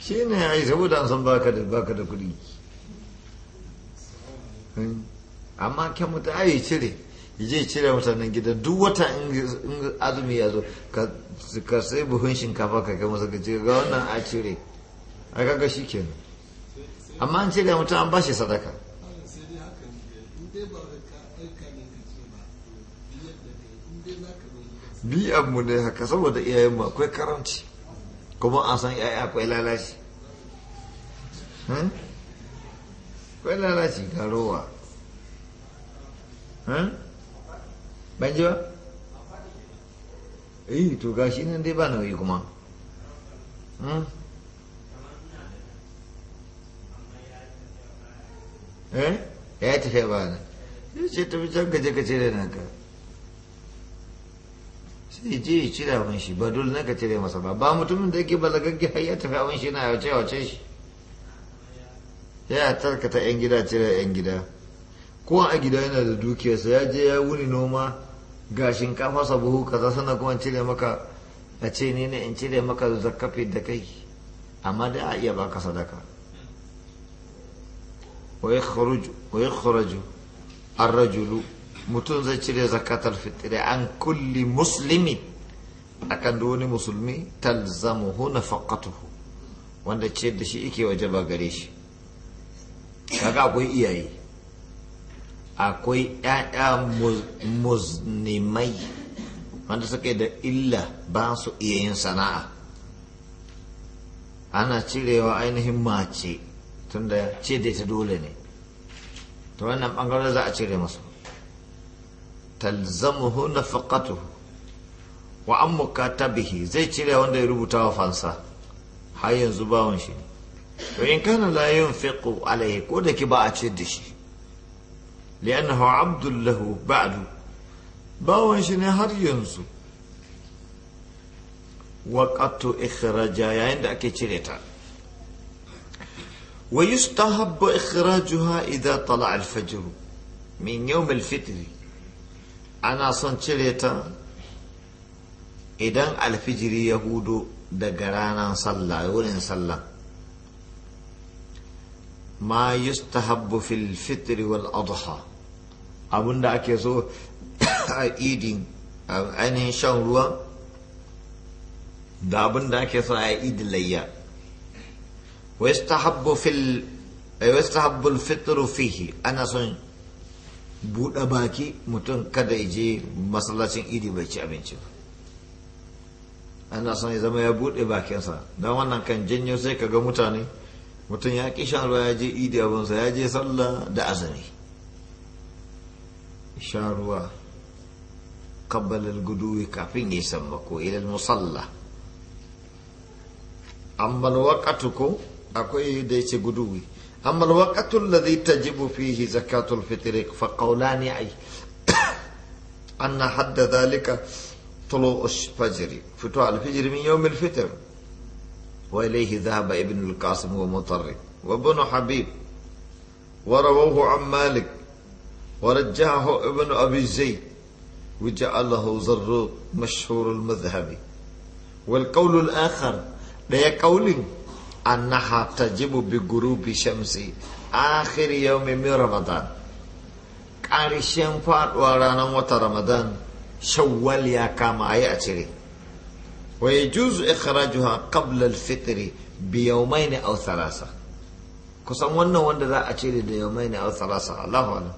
[SPEAKER 1] shi ne ai saboda an san baka da baka da kuɗi hmm? amma kyan mutum ayi cire je cire mutanen gida duk wata in azumi ya zo ka sai buhun shinkafa ka gama saka ce ga wannan a cire a kaga shi kenan amma an cire mutum an bashi sadaka biyan mu ne haka saboda iyayen mu akwai karanci kuma an san yaya akwai lalaci hmm? akwai lalaci ga rowa ban ji ba eh to gashi nan dai ba nauyi kuma eh ya tafiya ba na. sai ce tafi can gaje gaje da nan ka sai ji ya cire abin shi ba dole na ka cire masa ba ba mutumin da yake balagagge har ya tafi abin shi na yawace yawace shi ya tarkata yan gida cire yan gida kowa a gida yana da dukiyarsa ya je ya wuni noma ga shinkafa buhu kaza sannan kuma cire maka a ce ne in cire maka zakafi da kai amma da a iya baka sadaka wa kharaju an rajulu mutum zai cire zakatar fitri an kulli muslimi akan da wani musulmi talzamuhu nafaqatuhu wanda ce da shi waje ba gare shi kaga akwai iyaye akwai ‘ya'ya muznimai wanda suke da illa ba su iya yin sana'a ana cirewa ainihin mace tunda ce da ita dole ne ta wannan ɓangare za a cire masu talzamuhu na faƙatu wa an bihi zai cire wanda ya rubuta wa fansa har yanzu bawon shi to in kana la yin fiƙo alaihi ko da ki ba a ce da shi لأنه عبد له بعد باوان شنو هر ينسو وقت إخراجا يعني دا كيشريتا ويستحب إخراجها إذا طلع الفجر من يوم الفطر أنا صنشريتا إذا الفجر يهود دقرانا صلى ولن صلى ما يستحب في الفطر والأضحى abinda ake so a idin ainihin shan ruwa da abinda ake so a idin layya habbul eh, fitru fihi ana son buɗe baki mutum kada ya je masallacin idi bai ci abinci ba ana son ya zama ya buɗe bakinsa don wannan kan janyo sai ka ga mutane mutum ya ƙi shan ruwa ya je idi abinsa ya je sallah da azumi شاء الله قبل الجدوي كافين يسمكو إلى المصلى أما الوقتكو أكو يديش إيه جدوي أما الوقت الذي تجب فيه زكاة الفطر فقولان أي أن حد ذلك طلوع الفجر فتوى الفجر من يوم الفطر وإليه ذهب ابن القاسم ومطرب وابن حبيب ورووه عن مالك ورجعه ابن أبي زيد وجعله زر مشهور المذهبي والقول الآخر لا يقول أنها تجب بغروب شمس آخر يوم من رمضان كاري قاري شنفات ورانا رمضان شوال يا كام آياتري ويجوز إخراجها قبل الفطر بيومين أو ثلاثة كسامونا وندا أشيري ليومين أو ثلاثة الله أعلم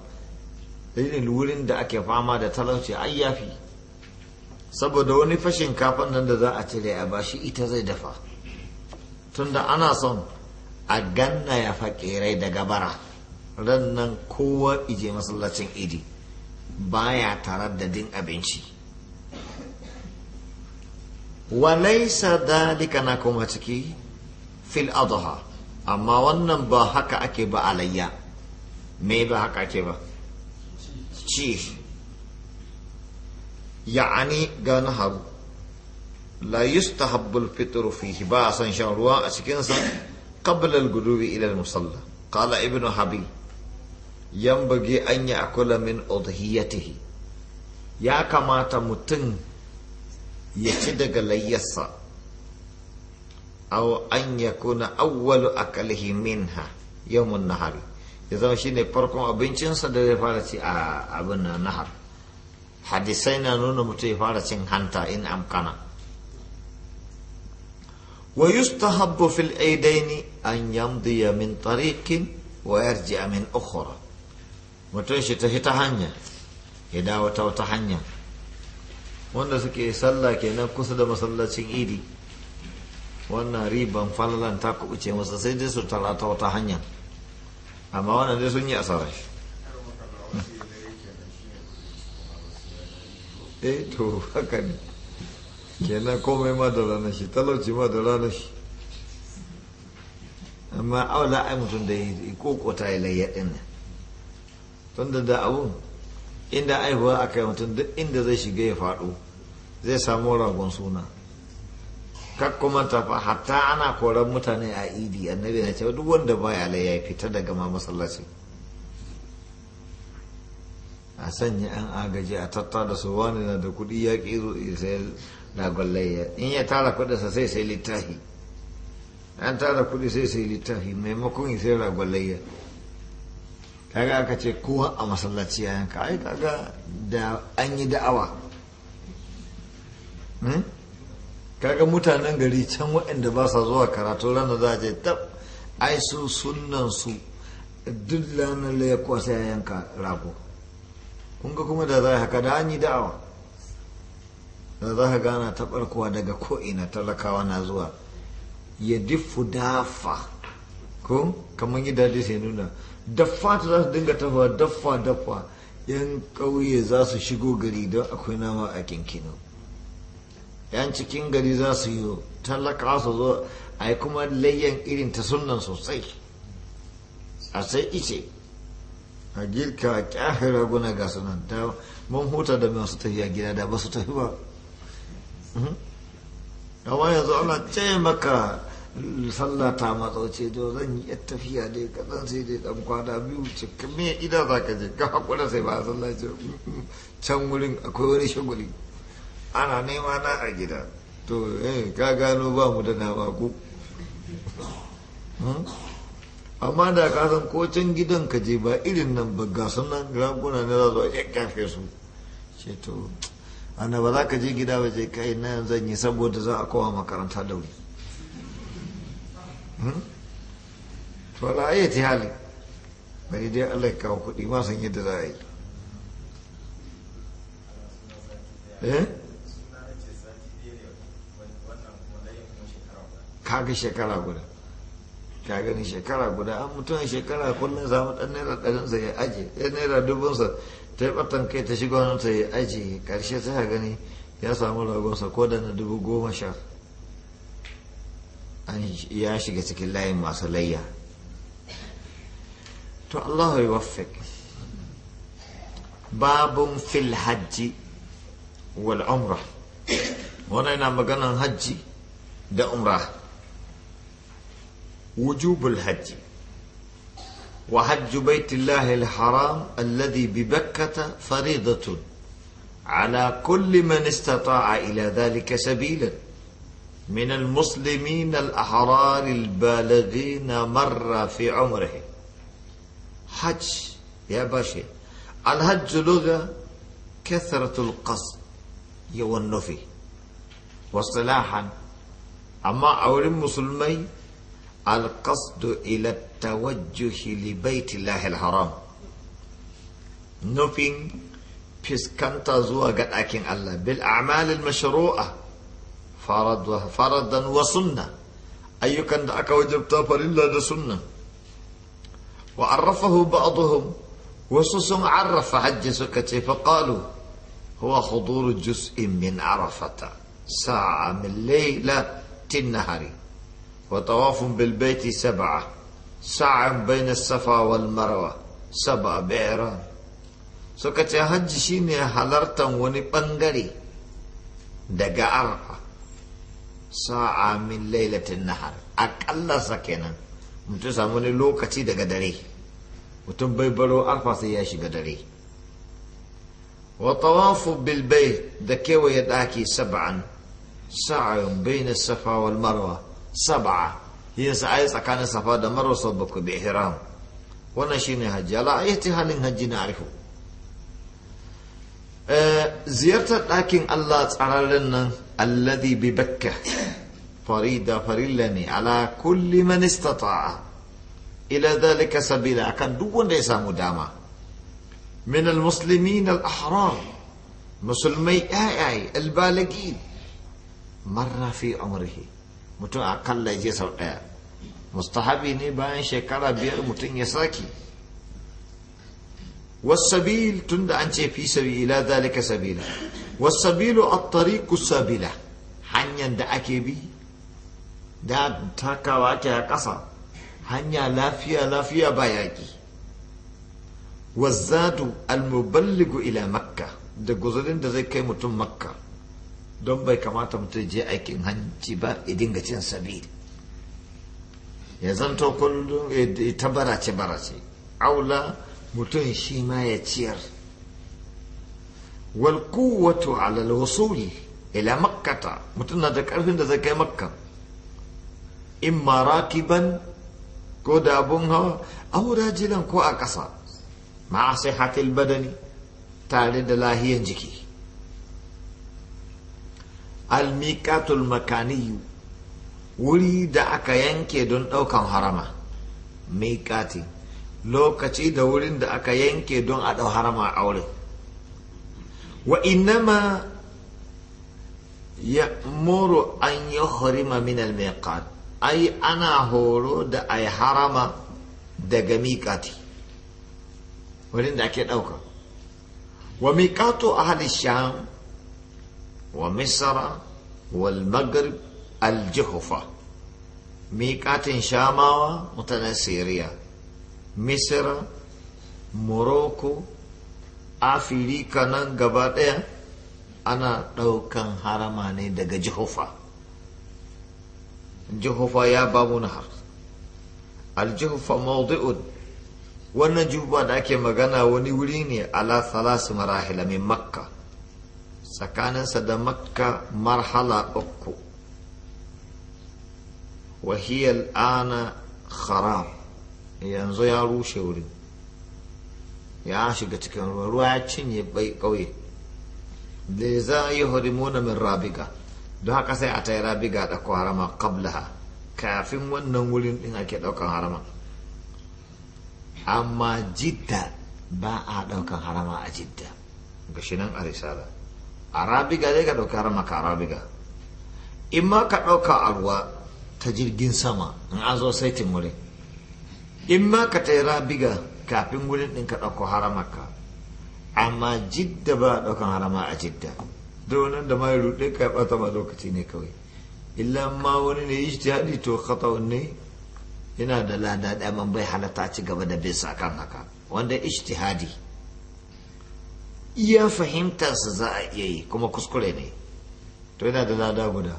[SPEAKER 1] irin wurin da ake fama da talauci ai yafi saboda wani fashin kafan nan da za a cire a bashi ita zai dafa tunda ana son a ganna ya fakirai da gabara ran nan kowa ije masallacin idi baya tare da din abinci walaisa dalika na kuma ciki fil adha amma wannan ba haka ake ba alayya me ba haka ake ba ce ya'ani ga naharu la yustahabbul fitru fihi ba san shan ruwa a cikinsa qabla al-gudubi ila al-musalla qala ibnu habib yambage an ya akula min udhiyatihi ya kamata mutum ya ci daga layyarsa aw an yakuna awwalu akalihi minha yawmun nahari ya zama shi ne farkon abincinsa da zai fara ci a abin na nahar hadisai na nuna mutum ya fara cin hanta in amkana wa yustahabbu fil aidaini an yamdiya min tariqin wa yarji'a min ukhra mutum shi ta hita hanya ya dawo ta wata hanya wanda suke sallah kenan kusa da masallacin idi wannan riban falalan ta kubuce masa sai dai su tara ta wata hanya amma wannan zai sun yi asarar shi eh to haka ne kenan komai ma da shi talauci ma da shi amma aula ai mutum da ya kokota ya layya din tun da da abun inda aihuwa aka yi mutum duk inda zai shiga ya faɗo zai samu ragon suna kuma tafa hatta ana koran mutane a idi annabi na cewa duk wanda baya la ya fita daga ma masallaci a sanya an agaji a tatta da su wani na da kuɗi ya kiro sai lagwallaya in ya tara sa sai sai littafi an tara kuɗi sai sai littafi maimakon sai lagwallaya kaga aka ce kowa a masallaci yanka ai kaga da an yi da'awa hmm? kaga mutanen gari can waɗanda ba sa zuwa karatu ranar za a ce tab ai su sunan su duk ranar da ya kwasa ya yanka rago kun ga kuma da za a haka da an yi da'awa da za a gana ta kuwa daga ko'ina talakawa na zuwa ya diffu dafa ko kamar yi daji sai nuna daffa ta za su dinga tafa daffa daffa yan ƙauye za su shigo gari don akwai nama a kinkinu yan cikin gari za su yi talaka su zo a yi kuma layyan irin ta sunan sosai a sai ice a girka a kyafe raguna ga sunan ta mun huta da masu tafiya gida da basu tafi ba wani mhm. yanzu ana ce maka sallah ta matso ce to zan yi yar tafiya dai kadan sai dai dan kwana biyu cikin me ida za ka je ka haƙura sai ba a sallah ce mhm. can wurin akwai wani shagulin ana nema na a gida to eh ka gano ba mu da nama ku hmm? amma da ka san ko can gidan ka je ba irin nan ba ga sunan raguna ne za su yakkafe su ce to ana ba za ka je gida ba je kai na zan yi saboda za a kowa makaranta da wuri hmm? to ala ta hali bari dai Allah ya kawo kuɗi ma san yadda za a yi eh kaga shekara guda ka gani shekara guda an mutum shekara kullum samu dan naira ɗarin sa ya ɗan naira dubun ta yi ɓatan kai ta shiga wani sa ya aje karshe sai ka gani ya samu ragonsa ko da na dubu goma sha ya shiga cikin layin masu layya to Allah ya wafek babun fil hajji wal umra wannan yana maganan hajji da umra وجوب الحج وحج بيت الله الحرام الذي ببكة فريضة على كل من استطاع إلى ذلك سبيلا من المسلمين الأحرار البالغين مرة في عمره حج يا باشا الحج لغة كثرة القصد والنفي واصطلاحا أما أولي المسلمين القصد إلى التوجه لبيت الله الحرام نوفين بسكنت زوجة أكين الله بالأعمال المشروعة فرض فرضا وسنة أي كان دعك وجبتا فلله دا سنة وعرفه بعضهم وسوس عرف حج سكتي فقالوا هو حضور جزء من عرفة ساعة من ليلة النهارين وطواف بالبيت سبعة سعى بين الصفا والمروة سبع بعيران suka ce hajji shine halartar wani bangare daga arfa sa'a min lailatin nahar akallarsa kenan mutum samu wani lokaci daga dare mutum bai baro arfa ya shiga dare wa tawafu bilbai da kewaye daki bayna sab'a yasa ai tsakanin safa da marwa sabbaku bi ihram wannan shine hajji ala ayati halin hajji na arifu ziyartar ɗakin Allah tsararren nan alladhi bi bakka farida farilla ne ala kulli man istata'a ila dhalika sabila akan duk wanda ya samu dama من المسلمين الأحرار مسلمي آي البالغين مر في عمره mutum akalla je sau ɗaya mustahabi ne bayan shekara biyar mutum ya saki wasabil tun da an ce fi sabila zalika sabila wasabilu at-tariqu sabila hanyar da ake bi da takawa ake a ƙasa hanya lafiya lafiya ba yaƙi wazzadu al-muballigu ila makka da guzurin da zai kai mutum makka don bai kamata mutum je aikin hanci ba ya dinga cin sabi ya zanto kullum ta barace barace aula mutum shi ma ya ciyar wal kuwatu ala wasuli ila makkata mutum na da karfin da zai kai makka in ma ko da abun hawa aura jilan ko a ƙasa ma'a sihatil badani tare da lahiyan jiki almikatul makaniyu wuri da aka yanke don ɗaukan harama mikati lokaci da wurin da aka yanke don a ɗau harama a aure wa inama ya moro an yi horima min almikat ai ana horo da ai harama daga mikati wurin da ake ɗauka wa mikato a sham Wa ومصر والمغرب الجهفة ميقات شاماوة متنسيرية Misira, موروكو afirika nan gaba ɗaya ana ɗaukan harama ne daga jihofa jihofa ya babu nahar aljihofa maudu'un wannan jihofa da ake magana wani wuri ne ala salasu marahila min makka tsakaninsa da makka marhala uku wahiyar ana haram yanzu ya rushe wurin ya shiga cikin ruwa ruwa ya cinye bai ƙauye da za a yi horimuna min rabiga don haka sai a ta yi rabiga da harama kablaha kafin wannan wurin ɗin ake ɗaukan harama amma jidda ba a ɗaukan harama a jidda ga shi nan a risala arabiga zai ka ɗauka maka arabiga in ma ka ɗauka a ruwa ta jirgin sama in an zo saitin wurin in ma ka ta rabiga kafin wurin ɗin ka ɗauko haramarka amma jidda ba ɗaukan harama a jidda donan da ma ruɗe ka ɓata ma lokaci ne kawai illa ma wani ne yi jihadi to kata ne yana da lada ɗaya man bai halatta ci gaba da bisa kan haka wanda ijtihadi iya fahimtarsa za a iya yi kuma kuskure ne to yana da lada guda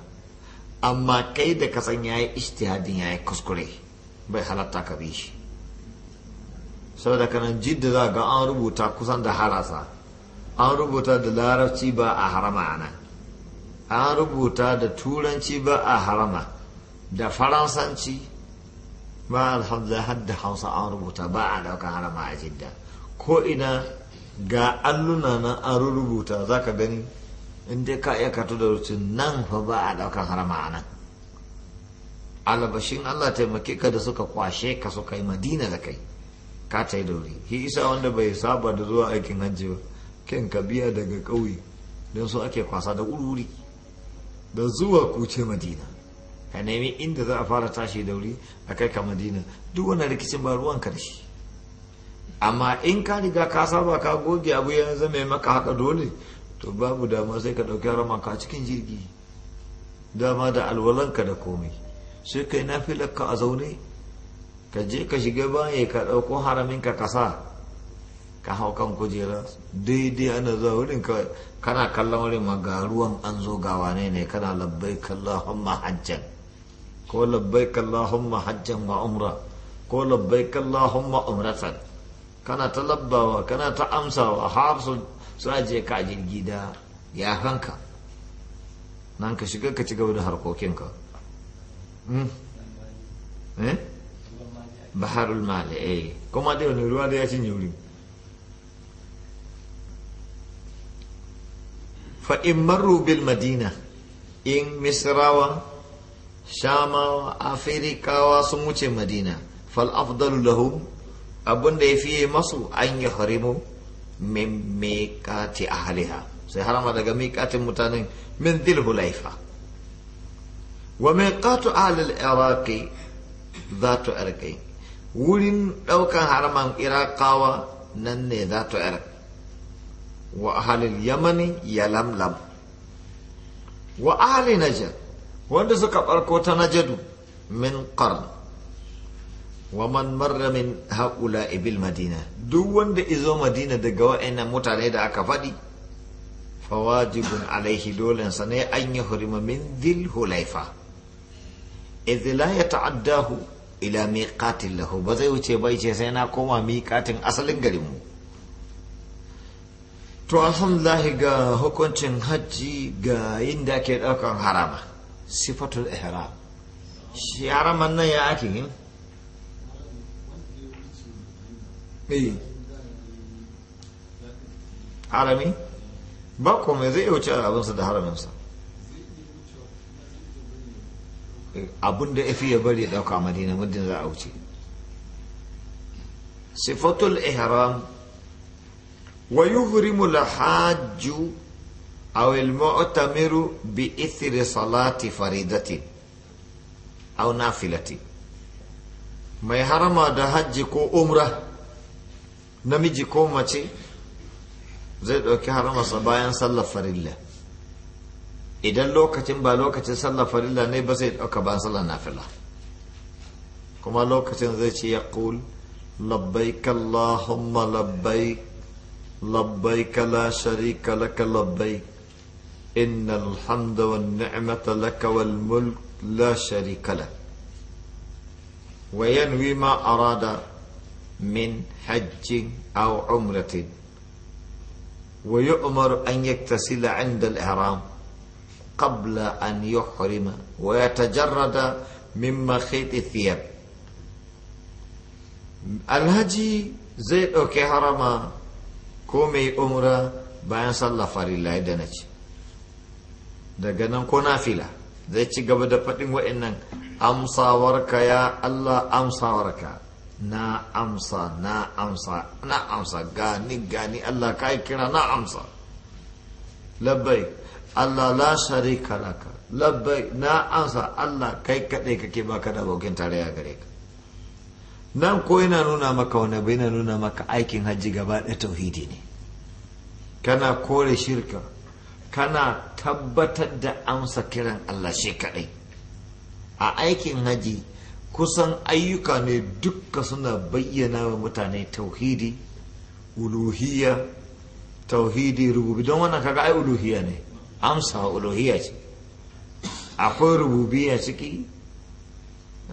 [SPEAKER 1] amma kai da kasan ya yi istihadin ya yi kuskure bai halatta ka bi shi saboda kanan jidda za ga an rubuta kusan da harasa an rubuta da larabci ba a harama ana an rubuta da turanci ba a harama da faransanci ba alhamdulillah da hausa an rubuta ba a daukan harama a jidda ko ina ga alluna nan an rubuta za ka gani inda ka iya kato da rutin nan fa ba a ɗaukan harama a nan albashin allah taimake ka da suka kwashe ka suka yi madina da kai ka ta yi dauri hi, isa wanda bai saba da zuwa aikin hajji ba ken ka biya daga ƙauye don su ake kwasa da wuri da zuwa kuce madina ka nemi inda za a fara tashi dauri a kai ka madina duk wani rikicin ba ruwan karshe amma in ka riga ka saba ka goge abu ya zama maka haka dole to babu dama sai ka ɗauki rama ka cikin jirgi dama da alwalanka da komai sai kai na filarka a zaune ka je ka shiga baya ka ɗauko haramin ka kasa ka hau kan kujera daidai ana zuwa wurin ka kana kallon wurin ma ga ruwan an zo ga wane ne kana labbai kallahumma hajjan ko labbai kallahumma hajjan ma ko labbai kallahumma umratan kana ta labbawa kana ta amsawa har su ajiye ka a jirgi da ya hanka nan ka shiga ka ci gaba da harkokinka hmm? eh? baharul mali eh kuma dai wani ruwa da ya cinye wuri fa in bil madina in misrawa shamawa afirikawa sun wuce madina fal afdalu lahum abin da ya fiye masu an yi harimu min miƙati ahliha sai harama daga miƙatin mutanen min dil hulaifa wa miƙatu ahlil iraqi za ta irƙi wurin ɗaukan haraman irakawa nan ne za ta irƙi wa ahlil yamani ya lamlam wa ahli najar wanda suka ɓarko ta najadu min ƙarni wa man marra min haƙula ibil madina duk wanda izo madina daga wa'annan mutane da aka faɗi fawajibun alaihi sa ne an yi hurima min dhil hulaifa idh la yata'addahu ila miqatin lahu ba zai wuce bai ce sai na koma miqatin asalin garinmu. mu to alhamdulillah ga hukuncin hajji ga inda ke daukan harama sifatul ihram shi haraman nan ya ake yin Eh. harami ba mai zai wuce abinsa da haraminsa abin da ya fi ya bari dauka madina muddin za a wuce sifatul ihram wa yuhrimu al-hajju aw al-mu'tamiru bi ithri salati faridati aw nafilatin mai harama da hajji ko umra namiji ko mace zai ɗauki haramarsa bayan sallar farilla idan lokacin ba lokacin sallar farilla ne ba zai ɗauka bayan sallar nafila kuma lokacin zai ce ya ƙul labbaik Allahumma labbaik la sharika laka labbaik إن الحمد والنعمة لك والملك لا شريك لك وينوي ما أراد من حج أو عمرة ويؤمر أن يكتسل عند الإحرام قبل أن يحرم ويتجرد من مخيط الثياب الهجي زي أوكي حرما كومي أمرا بيان صلى فريلا دنج daga nan ko nafila zai ci gaba da faɗin wa'annan amsawarka ya Allah amsawarka na amsa na amsa na amsa gani gani Allah ka kira na amsa labbai Allah la sharika laka labbai na amsa Allah kai kadai kake baka da abokin tarayya gare ka nan ko yana nuna maka wani bai yana nuna maka aikin hajji gaba ɗaya tauhidi ne kana kore shirka kana tabbatar da amsa kiran Allah shi kadai a aikin hajji kusan ayyuka ne dukka suna bayyana wa mutane tauhidi uluhiyya tauhidi rububi don wannan kaga ai uluhiyya ne amsa uluhiyya ce akwai rububiyya ciki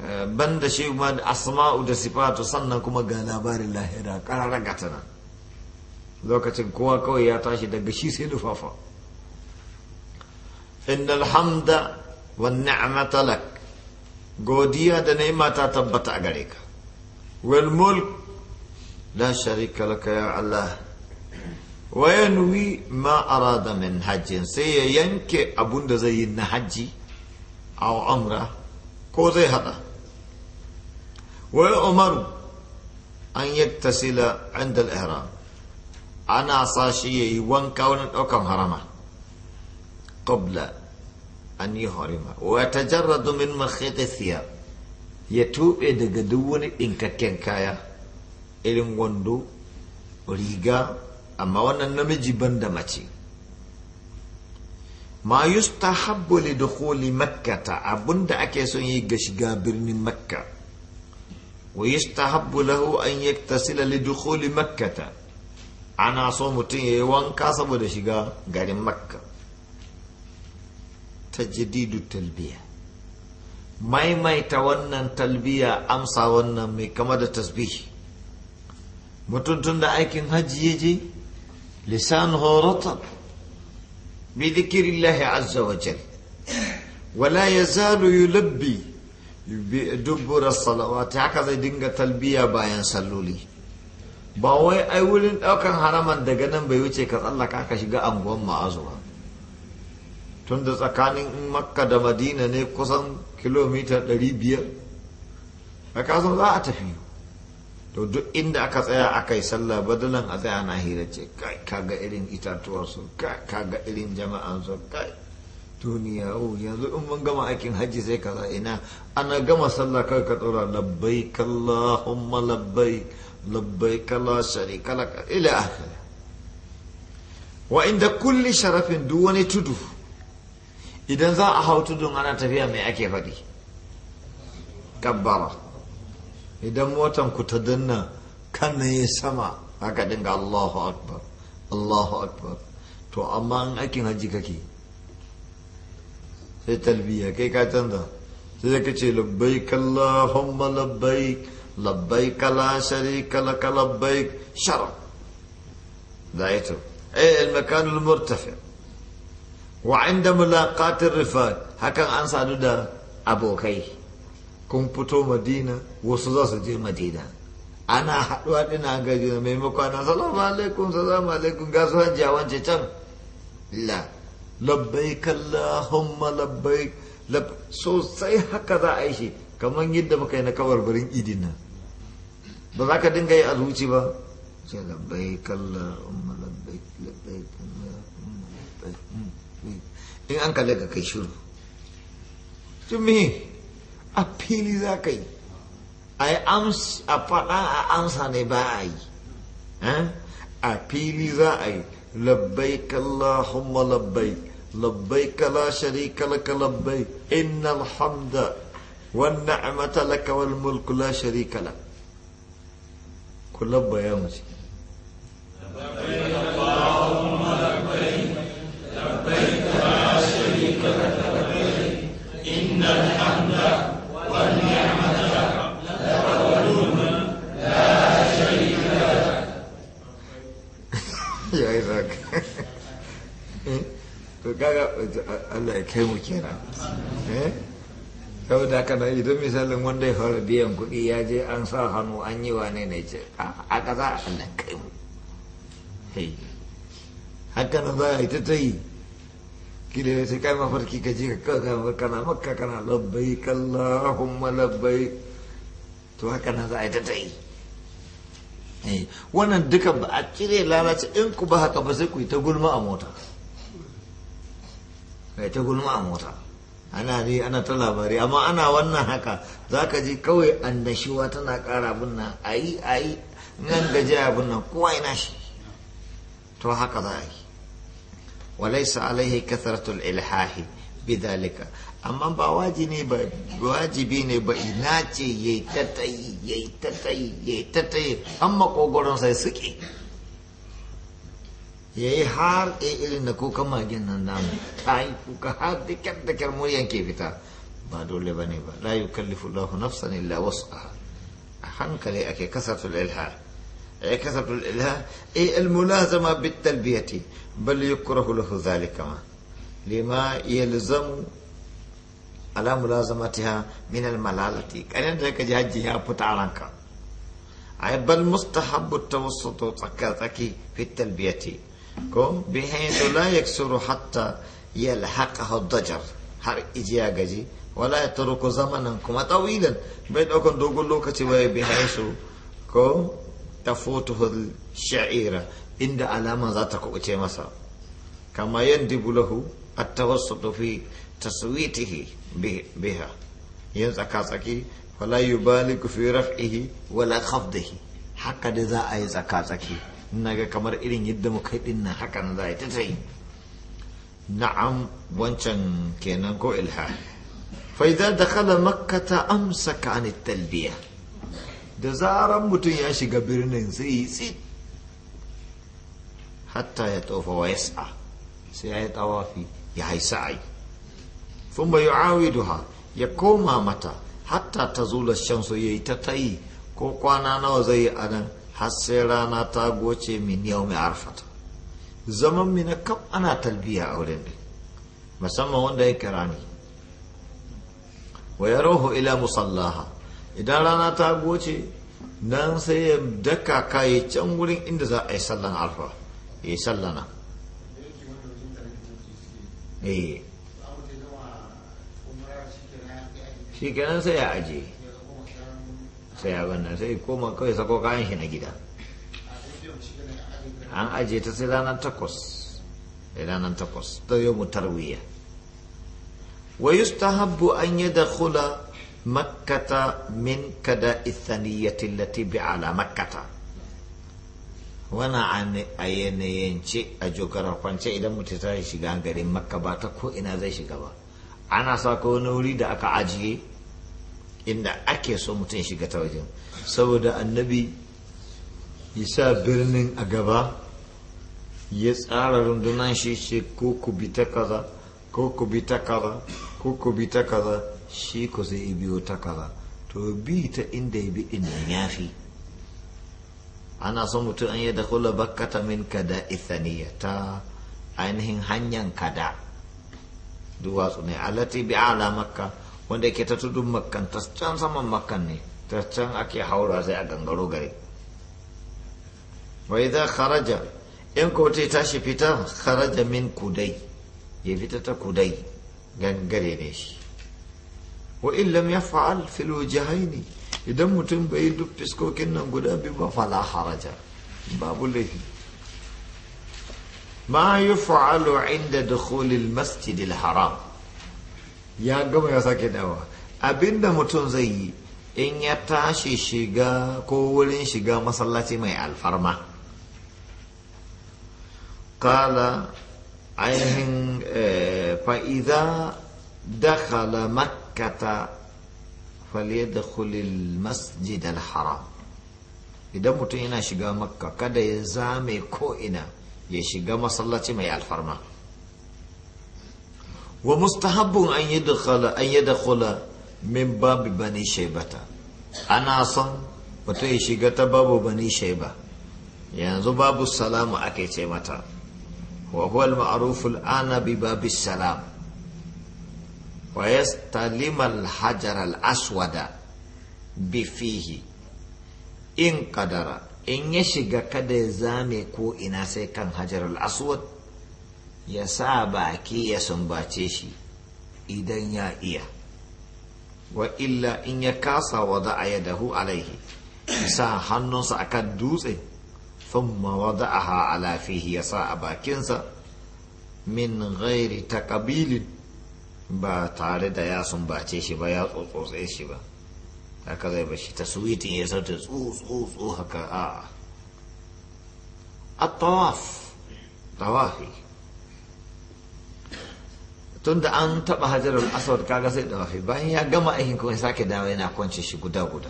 [SPEAKER 1] eh, banda shi ma da asma'u da sifatu sannan kuma ga labarin lahira kararra gatana lokacin kowa kawai ya tashi daga shi sai lufafa innal hamda wan ni'mata lak godiya da ni'ima ta tabbata a gare ka wal mulk la sharika laka ya Allah wa yanwi ma arada min hajjin sai ya yanke abun da zai yi na hajji a umra ko zai hada wa umaru an yaktasila inda al-ihram ana sa shi yayi wanka wani daukan harama qabla an yi harima wa ta jarradu min ya tuɓe daga duk wani ɗinkakken kaya irin wando riga amma wannan namiji ban da mace ma yustahabbu li dukhuli makkata abunda ake son yi ga shiga birnin makka wa yustahabbu lahu an yaktasila li dukhuli makkata ana so mutum yayi wanka saboda shiga garin makka tajdidu talbiya maimaita wannan talbiya amsa wannan mai kama da tasbihi. mutum tun da aikin hajji ya je lisan horata bi zikirillahi azza wa jal wala ya zalu yulabbi salawa salawati haka zai dinga talbiya bayan salloli ba wai ai wurin daukan haraman daga nan bai wuce ka tsallaka ka shiga anguwan ma'azu ba tun tsakanin makka da madina ne kusan kilomita 500 a kasan za a tafi to duk inda aka tsaya aka yi sallah badalan a tsaya na hira ce kaga irin itatuwarsu kaga irin jama'ansu kai duniya o oh, yanzu in mun gama aikin hajji sai kaza ina ana gama sallah kai ka tsora labbai kallahumma labbai labbai kala shari kala ila akhir wa inda kulli sharafin duk wani tudu idan za a hau tudun ana tafiya mai ake faɗi kabbara idan motan ku ta danna kan na yi sama haka dinga allahu akbar allahu akbar to amma in aikin hajji kake sai talbiya kai ka canza sai ka ce labbai kallahumma labbai labbai kala kala-kala labbai sharaf da ito eh al-makanul murtafi' wa inda mulaqatir rifat hakan an sadu da abokai kun fito madina wasu za su je madina ana haɗuwa ɗina ga juna maimakon na salamu alaikum salamu alaikum gasu a wance can la labbaik allahumma labbai sosai haka za a yi shi kamar yadda muka yi na kabarbarin idin nan ba za ka dinga yi a zuci ba sai labbaik labbai labbai labbaik allahumma labbaik hmm. in an kalle ka kai shiru jimmi a fili za ka yi a yi a faɗa a amsa ne ba a yi a fili za a yi labbai kalla kallahumma labbai labbai kala sharika laka labbai innal hamda wan ni'mata laka wal mulku la shari lak ku labbaya mace labbai za ka eh? to kaga Allah ya kai mu kenan eh saboda haka nan idan misalin wanda ya fara biyan kuɗi ya je an sa hannu an yi wane ne ce a ƙasa Allah kai mu haka nan za a yi ta ta yi kila ya sai kai mafarki ka je ka kana makka kana labbai kallahumma labbai to haka nan za a yi ta ta yi Eh, wannan duka ba a kire lalace in ku ba haka ba sai ku yi ta gulma a mota kai ta gulma a mota ana ne ana ta labari amma ana wannan haka za ka ji kawai wa tana kara binna a yi a yi nan da jiya binna, kowa ina shi to haka za a yi walaisa alaihi katharatul ilhahi dalika amma ba wajibi ba wajibi ne ba ina ce ya ta tayi yayi ta tayi yayi ta tayi an makogoron sai suke yayi har a eh, irin da kukan magin nan namu ta yi kuka har dukkan dukkan muryan ke fita ba dole ba ne ba la yukallifu Allahu nafsan illa wus'aha a hankali ake kasatul ilha ay eh, kasatul ilha ay eh, al mulazama bit talbiyati bal yukrahu lahu zalika ma lima yalzamu zama mulazamatiha min al malalati kanin da ka ji hajji ya fita a ranka ay bal mustahabbu tawassutu tsaka tsaki fi talbiyati ko bihaythu la yaksuru hatta yalhaqahu ad-dajar har ijiya gaji wala yatruku zamanan kuma tawilan bai daukan dogon lokaci waye bihaythu ko tafutuhu shaira inda alama za ta kubuce masa kama yandibu lahu at-tawassutu fi taswitihi biha yin tsaka-tsaki wala yubali fi raf'ihi wala khafdihi haka da za a tsaka-tsaki naga kamar irin yadda muka yi dinnan hakan za ta tsayi na'am wancan kenan ko ilha faida da kala makka ta amsa ka talbiya da zaran mutum ya shiga birnin sai yi tsi. hatta ya tofa wa yasa sai ya yi tawafi ya haisa ai duha ya koma mata hatta ta zula shamsu ya yi ta tayi ko kwana nawa zai yi anan har sai rana ta goce min yau mai arfata zaman mina kam ana talbiya a wurin din musamman wanda ya kira ni wa roho ila musallaha idan rana ta goce nan sai ya daka kayi can wurin inda za a yi sallan alfa ya yi sallana shi kenan sai ya aje sai ya banna sai koma kawai sako kayan shi na gida an aje ta sai ranar takwas ranar takwas ta yau mu tarwiya wa yustahabbu an kula makata min kada ithaniyati allati bi ala makata wannan a yanayance a jokarar kwance idan mutum ta shiga garin makka ba ta ko ina zai shiga ba ana sa ka wani wuri da aka ajiye inda ake so mutum shiga ta wajen saboda annabi yasa birnin a gaba ya tsara rundunan shi ce ko ku bi ta kaza ko ku bi ta kaza ko ku bi ta kaza shi ku zai biyo ta kaza to bi ta inda ya bi inda ya fi ana son mutum an yi da kula bakkata min kada ithaniya ta ainihin hanyar kada duwatsu ne alati bi ala makka wanda yake ta tudun makkan ta can saman makkan ne ta can ake haura sai a gangaro gari wai za kharaja in ko ta tashi fita kharaja min kudai ya fita ta kudai gangare ne shi wa in lam yaf'al fil wajhaini idan mutum bai yi duk fiskokin nan guda biyu ba fala haraja babu laifi ma yuf'alu inda dukhulil masjidil haram ya gama ya sake dawa abinda mutum zai yi in ya tashi shiga ko wurin shiga masallaci mai alfarma kala ainihin eh, fa'iza dakhala makkata falyadkhulil masjid al-haram idan mutum yana shiga makka kada ya zame ko ina ya shiga masallaci mai alfarma wa mustahabbun an yadkhula an yadkhula min bab bani shaybata ana son mutum ya shiga ta babu bani shaiba yanzu babu salamu ake ce mata wa huwa al-ma'ruf al-ana bi babu salam wa yastalima al-hajar al-aswada bi fihi in kadara in ya shiga kada ya zame ko ina sai kan hajar al-aswad ya sa baki ya sumbace shi idan ya iya wa illa in ya kasa wada a yadahu alaihi sa hannunsa akan dutse thumma wada aha ala ya sa a bakinsa min gairi takabilin ba tare da ya sumbace shi ba ya tsotsotse shi ba haka zai bashi taswitin ya sauta tsu haka a'a at-tawaf tawafi tunda an taba Hajarar Asawar kaga sai dawafi bayan ya gama aikin kuma sake dawo yana kwance shi guda guda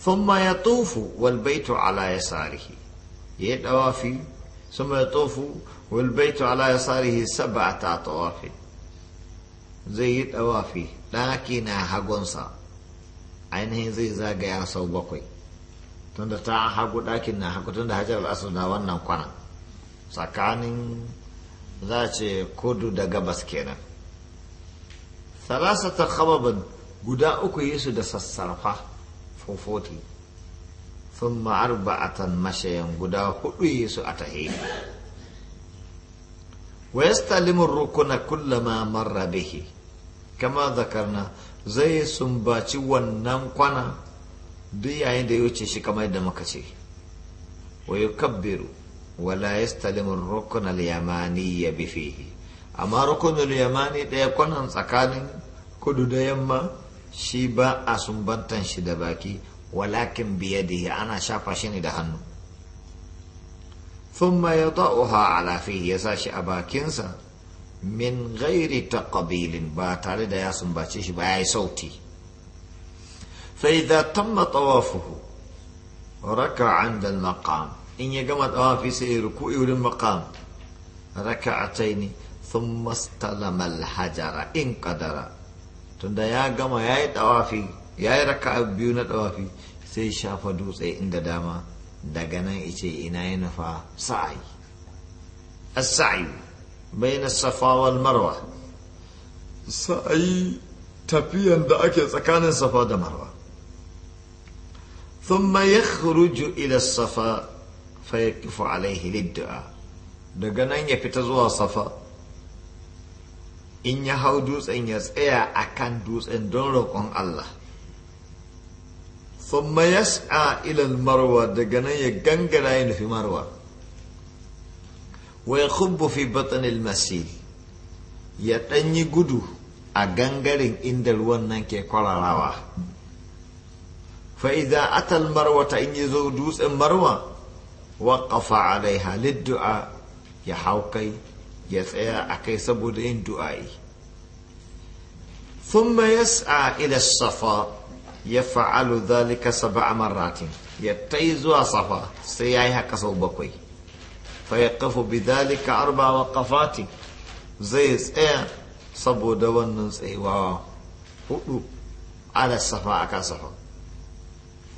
[SPEAKER 1] thumma yatufu wal baitu ala ya sarihi ya dawafi thumma yatufu wal baitu ala yasarihi sab'ata tawafi zai yi dawafi daki na hagonsa ainihin zai zagaya sau bakwai tunda ta hagu dakin na hagu tunda hajar Asawar na wannan kwanan tsakanin za a ce kudu da gabas kenan salasa ta khababin guda uku yi su da sassarfa 440 sun ma'arba'atan mashayan guda hudu yi su a tahe wa rukuna kullama marra bihi kama zakarna zai baci wannan kwana duk yayin da ya wuce shi kamar da muka ce wa wala yastalimu rukun al-yamani ya bifihi amma rukunul yamani ɗaya kwanan tsakanin kudu da yamma shi ba a sumbantan shi da baki walakin biyadihi ana shafa shi ne da hannu thumma yada'uha a fihi ya sa shi a bakinsa min gairi ta taqabilin ba tare da ya sumbace shi ba ya yi sauti fa idza tamma tawafuhu raka'a 'inda maqam in ya gama tawafi sai ya ruku'i wurin maqam raka'ataini thumma sun al-hajara in kadara, tunda ya gama ya yi tawafi ya yi raka'a biyu na tawafi sai shafa dutse inda dama daga nan ice ina ya nufa sa'i as-sa'i bayna safa wal marwa sa'i tafiyan da ake tsakanin safa da marwa ثم يخرج إلى الصفا فيقف عليه للدعاء daga nan ya fita zuwa safa in ya hau dutsen ya tsaya a kan dutsen don roƙon Allah thumma yas'a ilal marwa daga nan ya gangara ya nufi marwa wa yakhubbu fi batnil masil ya ɗanyi gudu a gangaren inda ruwan nan ke kwararawa fa idza atal marwata in yazo dutsen marwa waƙafa عليها للدعاء ya hau kai ya tsaya a kai saboda yin du'a'i thumma yas'a ila safa ya fa'alu zalika sab'a marratin ya tai zuwa safa sai yayi haka sau bakwai fa ya yaqafu bidhalika arba waqafati zai tsaya saboda wannan tsayawa hudu ala safa akan safa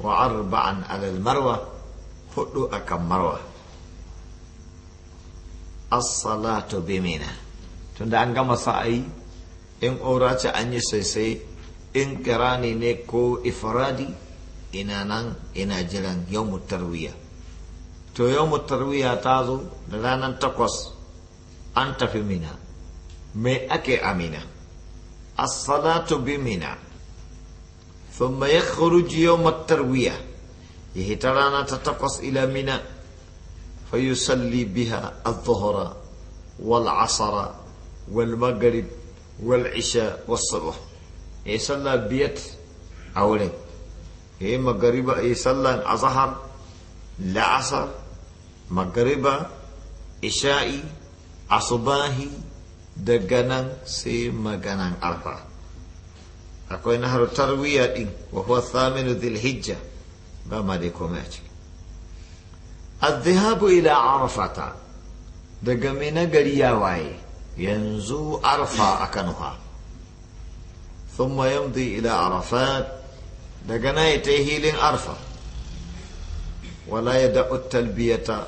[SPEAKER 1] wa arba'an ala marwa hudu a kan marwa as bimina. bi mina tunda an gama sa'ayi in aura ce an yi saisai in kirani ne ko ifaradi? ina nan ina jiran yau tarwiya to yau tarwiya ta zo da ranar takwas an tafi mina me ake amina as bimina. bi mina thumma yakhruju yawmu tarwiya ya hita rana ta takwas ila mina fa yusalli biha adh-dhuhra wal asara wal maghrib wal isha was subh ya salla biyat a wurin ya yi magariba ya sallan azahar la'asar magariba isha'i asubahi daga nan sai maganan arfa akwai nahar tarwiya din wa huwa thaminu dhil hijja ba ma arfata daga mina gari ya waye yanzu arfa akan kanuha daga na hilin arfa wala ya da'u talbiyata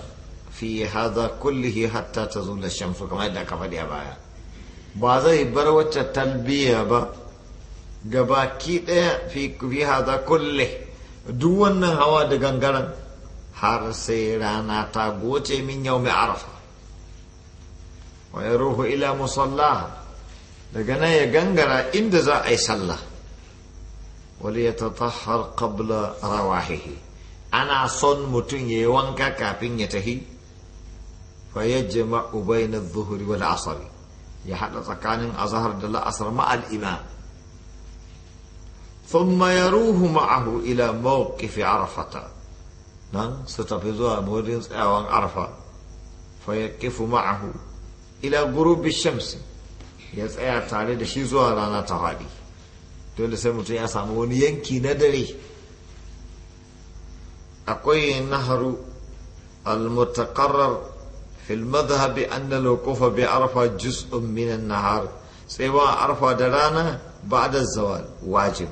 [SPEAKER 1] fi hadha baya ba zai bar wacce talbiya ba gabaki ɗaya fi hadha duk wannan hawa da gangaren har sai rana ta goce min yau mai arafa wani ruhu ila musalla daga nan ya gangara inda za a yi sallah wani ya tatahar qabla rawahihi ana son mutum ya yi wanka kafin ya tahi fa ya jama'u na zuhuri wal asari ya haɗa tsakanin azahar da la'asar ma'al imam ثم يروه معه إلى موقف عرفة نعم ستفضها مورينز أعوان عرفة فيقف معه إلى غروب الشمس يسأل تعالى دشي زوا رانا تهالي dole sai mutum ya samu wani yanki na dare في المذهب أن الوقوف بعرفة جزء من النهار سواء عرفة درانا بعد الزوال واجب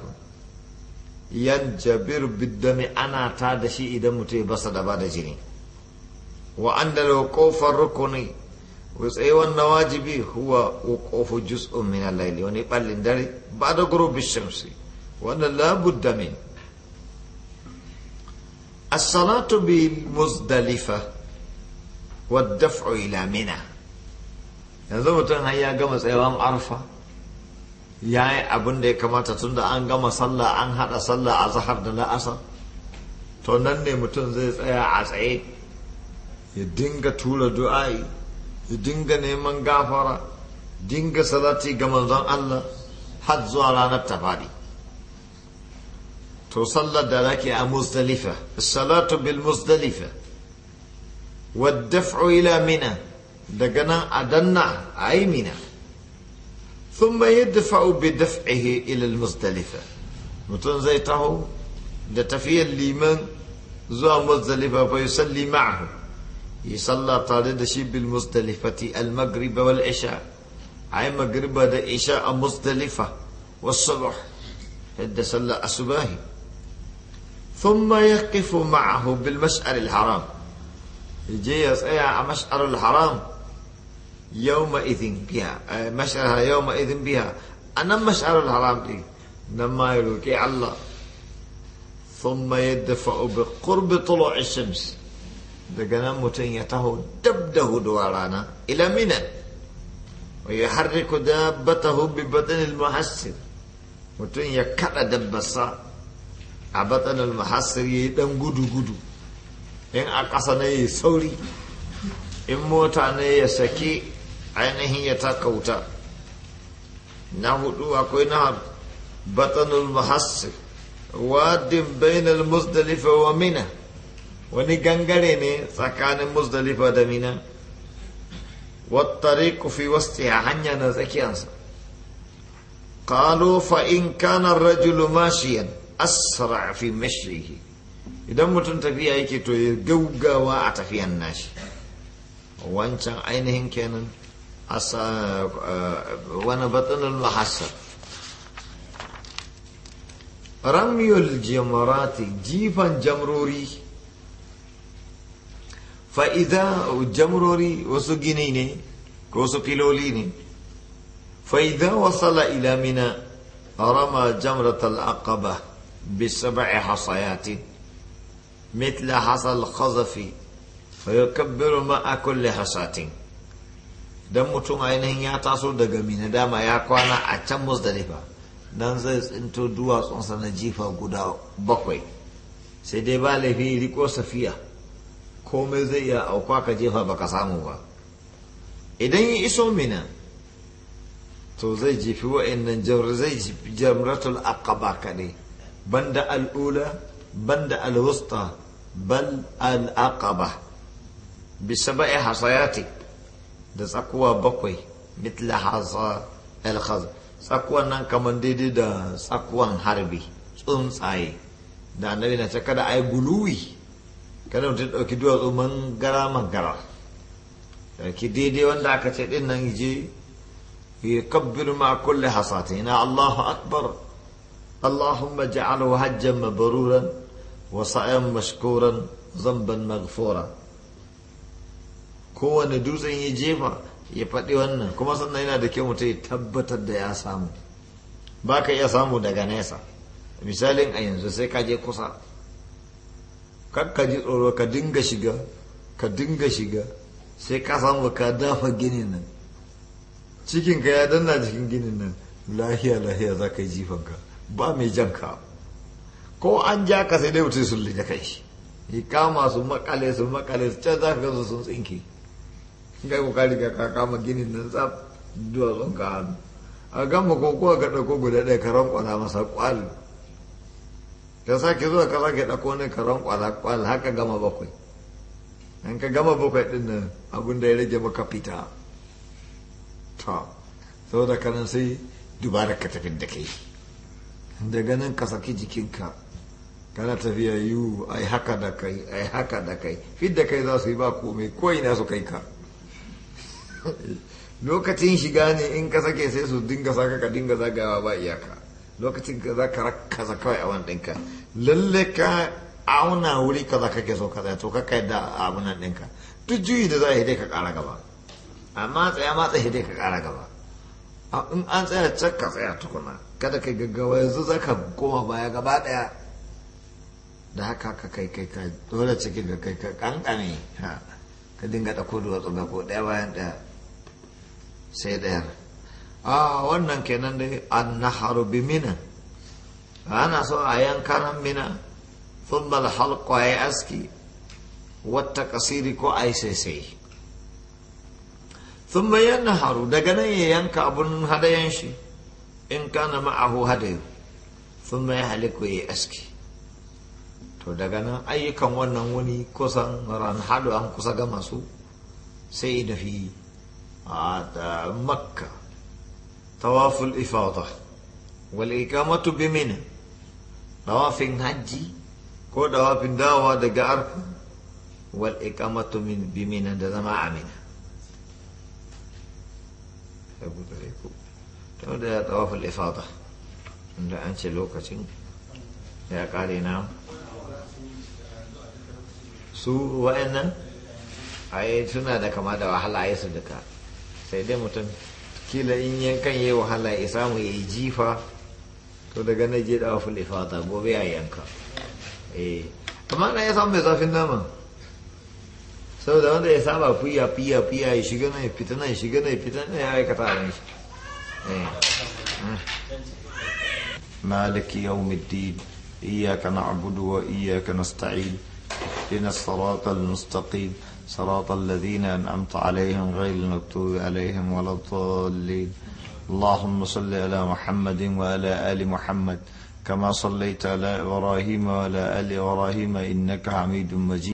[SPEAKER 1] yan jabir biddami ana ta da shi idan mutum basa da ba da jini wa an da kofar rukuni tsayuwan na wajibi huwa kofu juz'un min al-layli wani ballin dare ba da gurubi shamsi wannan labudda min الصلاة بمزدلفة والدفع إلى منى yanzu mutum har ya gama tsayawan arfa ya yi abin da ya kamata tun da an gama sallah an haɗa sallah a zahar da la'asar to nan ne mutum zai tsaya a tsaye ya dinga tura du'a'i ya dinga neman gafara dinga salati ga manzon Allah har zuwa ranar Tafari. to sallar da zaki a muzdalifa salatu bil muzdalifa wadda ila mina daga nan a danna a yi mina ثم يدفع بدفعه إلى المزدلفة متون زيته لتفي الليمان زوا مزدلفة فيصلي معه يصلى طالد شي بالمزدلفة المغرب والعشاء عي مغرب عشاء مزدلفة والصبح هد صلى أسباهي ثم يقف معه بالمشعر الحرام يجي يصيع مشعر الحرام يومئذ بها مشعرها يومئذ بها أنا مشعر الحرام دي نما يلوكي الله ثم يدفع بقرب طلوع الشمس دقنا متن يتهو دبده دوارانا إلى منى ويحرك دابته ببطن المحسر متن يكرا دبسا عبطن المحسر يدن قدو قدو إن أقصنا يسوري إن mota ne ainihin ya taka wuta na hudu akwai na batanul muhassir wadin bainal musdalifa wa mina wani gangare ne tsakanin musdalifa da mina wattare fi wasu hanya na tsakiyansa قالوا فإن كان الرجل ماشيا أسرع في مشيه idan mutum tafiya yake to ya gaugawa a tafiyan nashi wancan ainihin kenan آه، آه، وانا بطن المحصة رمي الجمرات جيفا جمروري فإذا جمروري وسجنيني وسقلوليني فإذا وصل إلى منى رمى جمرة العقبة بسبع حصيات مثل حصى الخزف فيكبر ماء كل حصاة don mutum ainihin ya taso daga mina dama ya kwana a can musdalifa nan zai tsinto duwatsunsa na jifa guda bakwai sai dai ba laifi riko safiya komai zai iya auka ka jefa baka samu ba idan ya iso mina to zai jefi wa'annan jamra zai jefi jamratul akaba kaɗai banda al'ula banda alwusta bal al'aqaba bisa ba'i hasayati da tsakuwa bakwai mitla haza tsakuwan nan kamar daidai da tsakuwan harbi tsuntsaye da annabi na ce kada ai guluwi kada mutum ɗauki duwatsu mangara mangara ɗauki daidai wanda aka ce ɗin nan je يكبر مع كل حصاتنا الله أكبر اللهم اجعله حجا مبرورا وصائم مشكورا ذنبا مغفورا kowane dutsen ya jefa ya faɗi wannan kuma sannan yana da kyau mutum ya tabbatar da ya samu ba ka iya samu daga nesa misalin a yanzu sai ka je kusa ji tsoro ka dinga shiga ka dinga shiga sai ka samu ka dafa ginin nan cikinka ya danna cikin ginin nan lahiya lahiya za ka yi jifanka ba mai ka." ko an ja ka sai dai mutum sun lije kai shi kama su makale su makale su can za ka gansu sun tsinke kai ku kari ka kama ginin nan tsaf duwatsun ka hannu a gama ko kuwa ka ɗauko guda ɗaya ka kwana masa kwal ka sake zuwa ka sake ɗauko ne ka rankwana kwal haka gama bakwai An ka gama bakwai ɗin nan abin da ya rage maka fita Sau da kanan sai dubara ka tafi da kai daga nan ka saki jikinka kana tafiya yiwu yi haka da kai yi haka da kai fidda kai za su yi ba komai ko ina su kai ka lokacin shiga ne in ka sake sai su dinga saka ka dinga zagawa ba iyaka lokacin ka za ka rakasa kawai a wani ɗinka lalle ka auna wuri kaza kake so ka zai to ka kai da abu nan ɗinka duk juyi da za a yi dai ka ƙara gaba amma tsaya ma tsaye dai ka ƙara gaba in an tsaya can ka tsaya tukuna kada kai gaggawa yanzu za ka koma baya gaba ɗaya da haka ka kai kai ka dole cikin ka kai ka ƙanƙane ka dinga ɗauko duwatsu ga ko ɗaya bayan ɗaya sai daya a ah, wannan kenan dai an naharu bi mina ana so a yanka yankaran mina thumbal halko ya aski wata kasiri ko a sai sai thumma ya naharu daga nan ya yanka abun hadayen shi in kana ma'ahu hadayu sun bayan haliku ya aski to daga nan ayyukan wannan wani kusan ran hadu an kusa gama su sai da fi مكة طواف الإفاضة والإقامة بمنى طواف الحج كو طواف داوى دقى والإقامة من بمنى دزمع منى أبو ذريكو تودى طواف الإفاضة عند أنت لوكتين يا قاري نعم su wa'annan ai suna da kama da wahala ya su duka sai dai mutum kila in yankan ya wahala ya samu ya yi jifa to daga na je da wafi lifata gobe ya yanka eh amma na ya samu mai zafin naman saboda wanda ya saba fiya fiya fiya ya shiga na ya fita na ya shiga na ya fita na ya aikata a shi مالك يوم الدين إياك نعبد وإياك نستعين اهدنا الصراط المستقيم صراط الذين أنعمت عليهم غير المكتوب عليهم ولا الضالين اللهم صل على محمد وعلى آل محمد كما صليت على إبراهيم وعلى آل إبراهيم إنك حميد مجيد